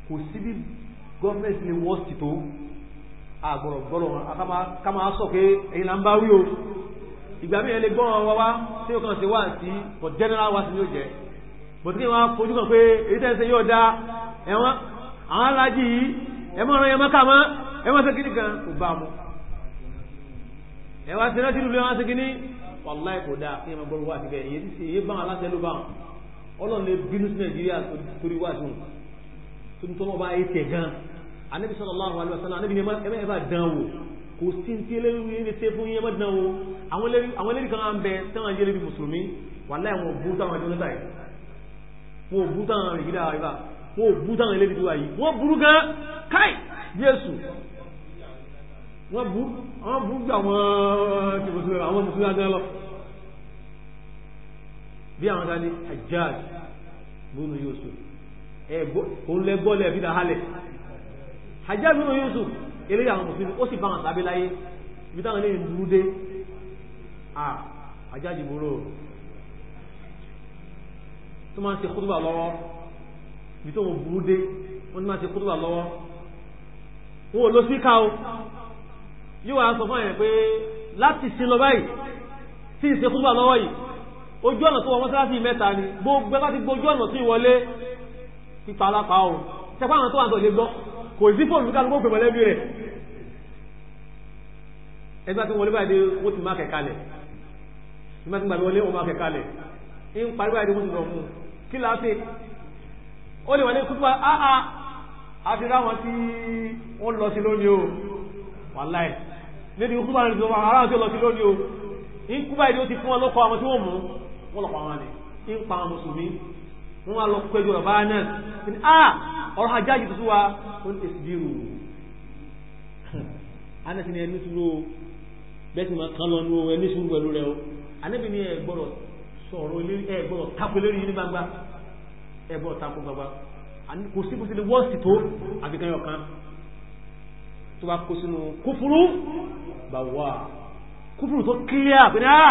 kò sí bí ni wọ́n sì tó àgbọ̀rọ̀ gbọ́rọ̀ ká máa sọ pé èyí là ń bá wí o ìgbà mí ẹlẹ gbọ́n wa wá tí ó kàn sí wà sí for general wa sí ni ó jẹ́ bọ̀ wọ́n fojú kan pé èyí tẹ́sẹ̀ yóò dá ẹ̀wọ̀n àwọn alájì yìí ẹ̀mọ́ ọ̀rọ̀ yẹn mọ́ kà mọ́ ẹ̀mọ́ sẹ́kìnì kan kò bá mu ẹ wá sí rántí lulẹ̀ wá sí kínní wàláì kò dáa kí ẹ máa gbọ́dọ̀ wá sí bẹ́ẹ̀ yéé ṣe yéé bá wọn aláṣẹ ló bá wọn ọlọ́run lè bínú sí nàìjíríà torí wá sí wọn tó ń tọ́mọ̀ bá yé tẹ̀ gan anabi sallallahu alaihi wasallam anabi ni ẹ bá dán wò kò sí ti eléyìí ẹni tẹ fún yẹn ẹ bá dán wò àwọn eléyìí kan bẹ táwọn jẹ́ lébi mùsùlùmí wàláì wọn bú táwọn ẹjọ́ yìí wọn bú táwọn ẹ̀rìndínláwà yìí tó wà wọn burú gan káì Jésù wọ́n bú wọ́n bú gbà wọ́n ti mùsùlùmí àwọn mùsùlùmí adé lọ bí àwọn dání Hajjaj bùnú Yusuf ẹ̀gbọ́ òun lẹ gbọ́ lẹ̀ fi dà halẹ̀ Hajjaj bùnú Yusuf eléyìí àwọn mùsùlùmí ó sì bá wọn sábẹ́ láyé ibi táwọn eléyìí ń dúró dé à Hajjaj bùrò tó máa ń ṣe kútùbà lọ́wọ́ ibi tó wọn burú dé wọ́n ti máa ń ṣe kútùbà lọ́wọ́ wọn ò lọ sí ká o yóò wá sọ fún ẹ̀yẹ̀ pé láti sin lọ báyìí tí ìṣe kúrúbà lọ́wọ́ yìí ojú ọ̀nà tó wọ mọ́sálásí mẹ́ta ni gbogbo ẹgbẹ́ ti gbójú ọ̀nà tí ìwọlé pípa alápá o tẹpá àwọn tó wà tọ̀lé gbọ́ kò sí fóònù ní kálukú pèmọ́ lẹ́bí rẹ̀ ẹgbẹ́ tí wọlé báyìí wọ́n ti má kẹ̀kà lẹ̀ ìgbà tí gbàgbé wọlé wọ́n má kẹ̀kà lẹ̀ ń parí báyìí wọ́n ti rọ̀ mú kí láti ó lè wà ní kútùbà áà àti ráwọn tí wọ́n lọ sí lónìí o wàláì níbi kúbà ní ìjọba aráàlú tí ó lónìí o ní kúbà ìdí ó ti fún ọlọ́kọ̀ àwọn tí wọ́n mú wọ́n lọ́pàá wọn ni ń pa àwọn mùsùlùmí wọ́n wá lọ péjọ rọ̀ báyá náà ní à ọ̀rọ̀ ajájì tuntun wa ó ní èsì bí rò anẹ́sìn *laughs* ẹni sùúrù bẹ́ẹ̀ sì máa kán lọ ní ẹni sùúrù pẹ̀lú rẹ o anẹ́bí ni ẹ gbọ́dọ̀ sọ̀rọ̀ ẹ gbọ́dọ̀ tako lérí yín ní gbangba ẹ gbọ́dọ̀ tako gbangba kò sí kò sí ni wọ́ọ̀sì tó àfikàn kan tó bá kó sínú kúfúrú bá wà kúfúrú tó kílíà pé náà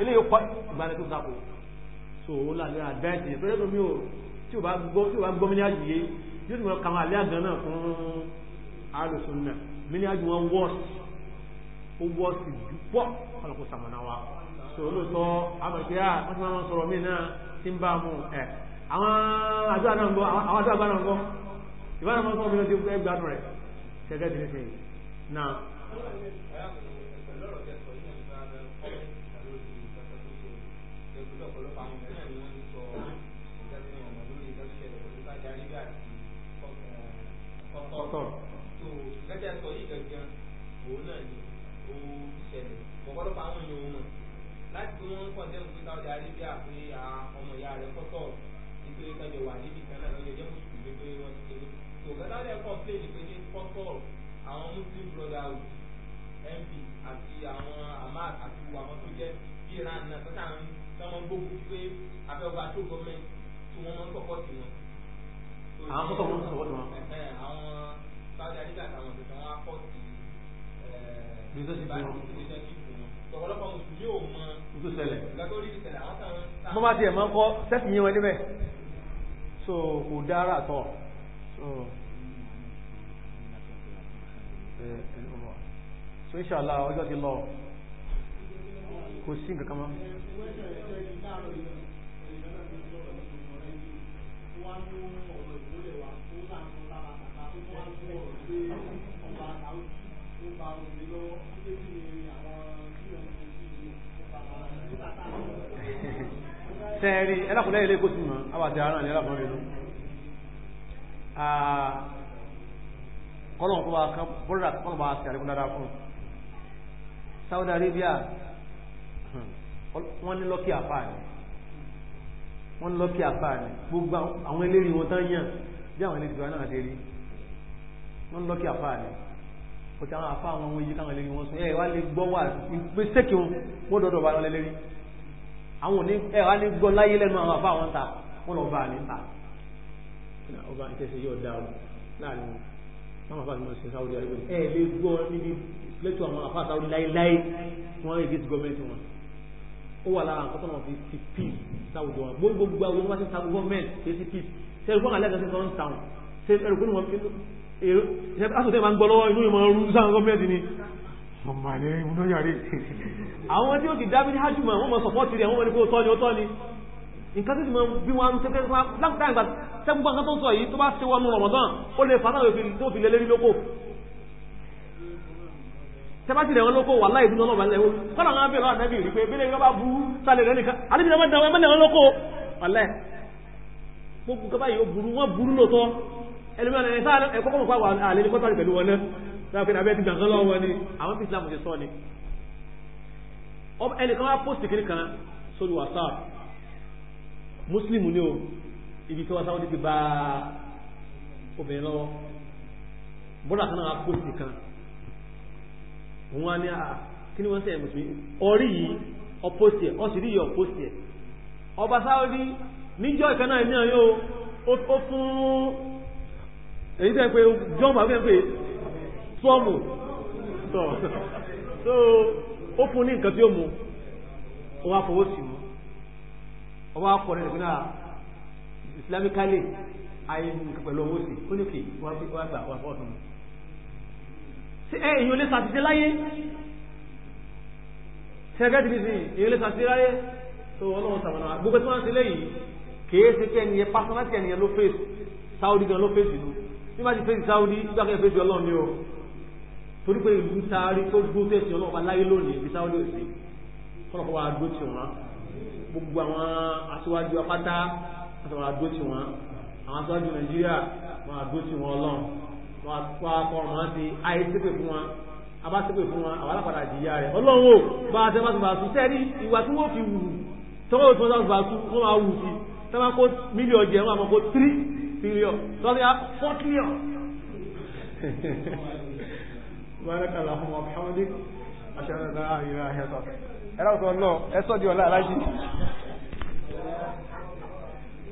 ilé ah, yóò kọ́ ìgbàlẹ̀ tó tako so ó là ní àdáyẹ̀tì pé lẹ́nu mi ò tí ò bá gbọ́ tí ò bá gbọ́ mi ní àjùyé yóò tún mọ̀ kàwọn àlẹ́ àgàn náà fún alùsùn náà mi ní àjù wọn wọ́ọ̀sì ó wọ́ọ̀sì jù pọ̀ kọ́lọ̀kọ́ sàmọ̀nà wa so olóòótọ́ amọ̀kíyà ah, wọ́n ti máa ń sọ̀rọ̀ mí náà ti ń bá mu ẹ̀ àwọn àdúrà náà ń gbọ́ àwọn náà ń gbọ́ ìbára mọ́ gẹ́gẹ́ bí nìsín náà. ọkọ tó gẹ́gẹ́ sọ yìí gangan òun náà ni ó ṣẹlẹ̀ ọ̀pọ̀lọpọ̀ àwọn èèyàn wọn láti tí wọ́n ń kọ́ dẹ́nu pé sáwọ́dì arábíà pé ọmọ ìyá rẹ̀ kọ́tọ̀ nítorí kájọ wà níbi kan náà lọ́jọ́ jẹ́ mùsùlùmí pé wọ́n ti ṣe tó gẹ́gẹ́ sáwọ́dì ẹ̀kọ́ pé ní pé muslim brotherhood mp àti àwọn ahmad àti àwọn tó jẹ́ bí iran náà tó tàn tí wọ́n gbógun sí pé abẹ́ọba tó gọ́ọ̀mẹ̀ntì tí wọ́n máa ń sọ̀pọ̀ sí wọn. àwọn tó sọ̀pọ̀ sọ̀pọ̀ sí wọn. àwọn saudi arabia àtàwọn ọ̀sẹ̀ tí wọ́n á pọ̀ eh, sí mo máa tiẹ̀ máa ń kọ́ sẹ́ẹ̀tì yín wọn níbẹ̀ so kò dára tọ̀. في الأمور so إن شاء الله وجزاك الله kò sí nǹkan kan mọ́ *laughs* sẹ́ẹ̀rí ẹlọ́kùnrin ilé kó sí mọ́ àwàtí àárán ní ẹlọ́kùnrin kọ́lọ̀n kó bá kán bọ́lá kọ́lọ̀n bá ṣe àríkún dáadáa fún Saudi Arabia hmm. wọ́n mana lọ́kì apa ni wọ́n ní lọ́kì ni gbogbo àwọn eléyìí wọn ni, yàn bí àwọn eléyìí wọn náà ṣe rí wọ́n ní lọ́kì ni kò tí àwọn àfáà wọn yí káwọn eléyìí wọn sọ ẹ wá lè awak wà pé sẹ́kì wọn dọ̀dọ̀ bá lọ lẹ́lẹ́rí àwọn òní ẹ tak, lè gbọ́ láyé lẹ́nu àwọn àfáà wọn ta wọ́n lọ táwọn afáàtì máa ṣe sáwọ́dí àríwá ẹ lè gbọ́ níbi lẹ́tọ̀ àwọn afáàtì àwọn láéláé wọn èdè ti gọ́ọ̀mẹ́ntì wọn ó wà lára àkọ́tọ̀ náà fi ti píìs sáwùjọ wọn gbogbo gbogbo àwọn wọn ti sa gọ́ọ̀mẹ́ntì fi ti píìs sẹ́rù fún àlẹ́ àtẹ́sẹ̀ sọ́n sàwọn sẹ́rù fún wọn asòtẹ́ máa ń gbọ́ lọ́wọ́ inú ìmọ̀ ọrún sáwọn gọ́ọ̀mẹ́ntì ni ọmọ àlẹ́ ìwúlọ́yàrí àwọn tí wọ́n mọ̀ sọ̀pọ̀ tìrì àwọn ọmọ ní kó tọ́ ni ó nǹkan tó sì mọ bí wọn tẹ́tẹ́ lákòókò àgbà sẹ́gbọ́n kan tó sọ yìí tó bá ṣe wọnú Ramadan ó lè fàtà òfin tó fi lé lérí lóko tẹ́bátì rẹ̀ wọn lóko wà láì dúnà lọ́wọ́ lẹ́wọ́ kọ́nà wọn bẹ̀rẹ̀ ànábì rí pé bílẹ̀ ìrọ́bà bú sálẹ̀ rẹ̀ nìkan àdébìnrin wọn dáwọn ẹgbẹ́ wọn lóko ọ̀lẹ́ gbogbo kọ́ báyìí ó burú wọn burú lóòótọ́ ẹlòmíràn ẹ̀ sáà ẹ̀kọ́ kọ́mọ̀ pàwọ̀ àlẹ́ ní kọ́tàlì pẹ̀lú wọn náà sáà pé abẹ́ ti gbàgbọ́ lọ́wọ́ wọn ni àwọn tí Islam ti sọ ni ẹnìkan wá post kiri kan sórí WhatsApp muslim ni o ibi tí wọ́n sáwọ́dí ti bá obìnrin lọ́wọ́ bọ́dà kan náà kó sí kan wọ́n á ní à kí ni wọ́n sẹ́yìn mùsùlùmí orí yìí ọ̀pọ̀sì ẹ̀ ọ̀sì rí yìí ọ̀pọ̀sì ẹ̀ ọba sáwọ́dí níjọ́ ìkan náà ní ọ̀yọ́ ó fún èyí tẹ́ pé john bàbá pé tọ́ọ̀mù tọ́ so ó fún ní nǹkan tí ó mu ó wá fọwọ́ sí mu ọwọ́ akọ̀rẹ́ rẹ̀ náà islamically ayé nǹkan pẹ̀lú owó sí ó ní kì wá sí wá gbà wá fọ́ ọ̀tún. ṣé ẹ èyàn lè ṣàtìṣe láyé ṣẹ́gẹ́tì ní sìn èyàn lè ṣàtìṣe láyé tó ọlọ́run sàmọ̀nà gbogbo tí wọ́n ti lẹ́yìn kìí ṣe pé ẹnìyẹn pásánátì ẹnìyẹn ló fèsì Saudi gan ló fèsì nù bí má ti fèsì Saudi nígbà kan fèsì ọlọ́run ni o torí pé ìlú taari tó gbó tẹ̀sí ọlọ́run bá láyé lónìí ibi Saudi ò sí kọ́nà kó wàá dó tì wọ́n gbogbo àwọn aṣíwájú apáta àtàwọn àdó tí wọn àwọn aṣíwájú nàìjíríà wọn àdó tí wọn ọlọ́run wọn akọ ọ̀rọ̀ wọn ti ayé sépè fún wọn abásépè fún wọn àwọn alápàdà jìyà rẹ̀ ọlọ́run o bá bá tún bá a tún ìwà tí wọ́n fi wù tọ́wọ́ tí wọ́n tún bá a tún wọ́n máa wù sí tọ́wọ́ kó mílíọ̀n jẹ́ wọ́n máa kó tírí tíríọ̀ tọ́wọ́ fọ́tíríọ̀. بارك الله فيك أشهد أن لا إله إلا الله ẹ̀rọ ọ̀tọ̀ ọlọ́ ẹ̀sọ́ di ọ̀la aláàjì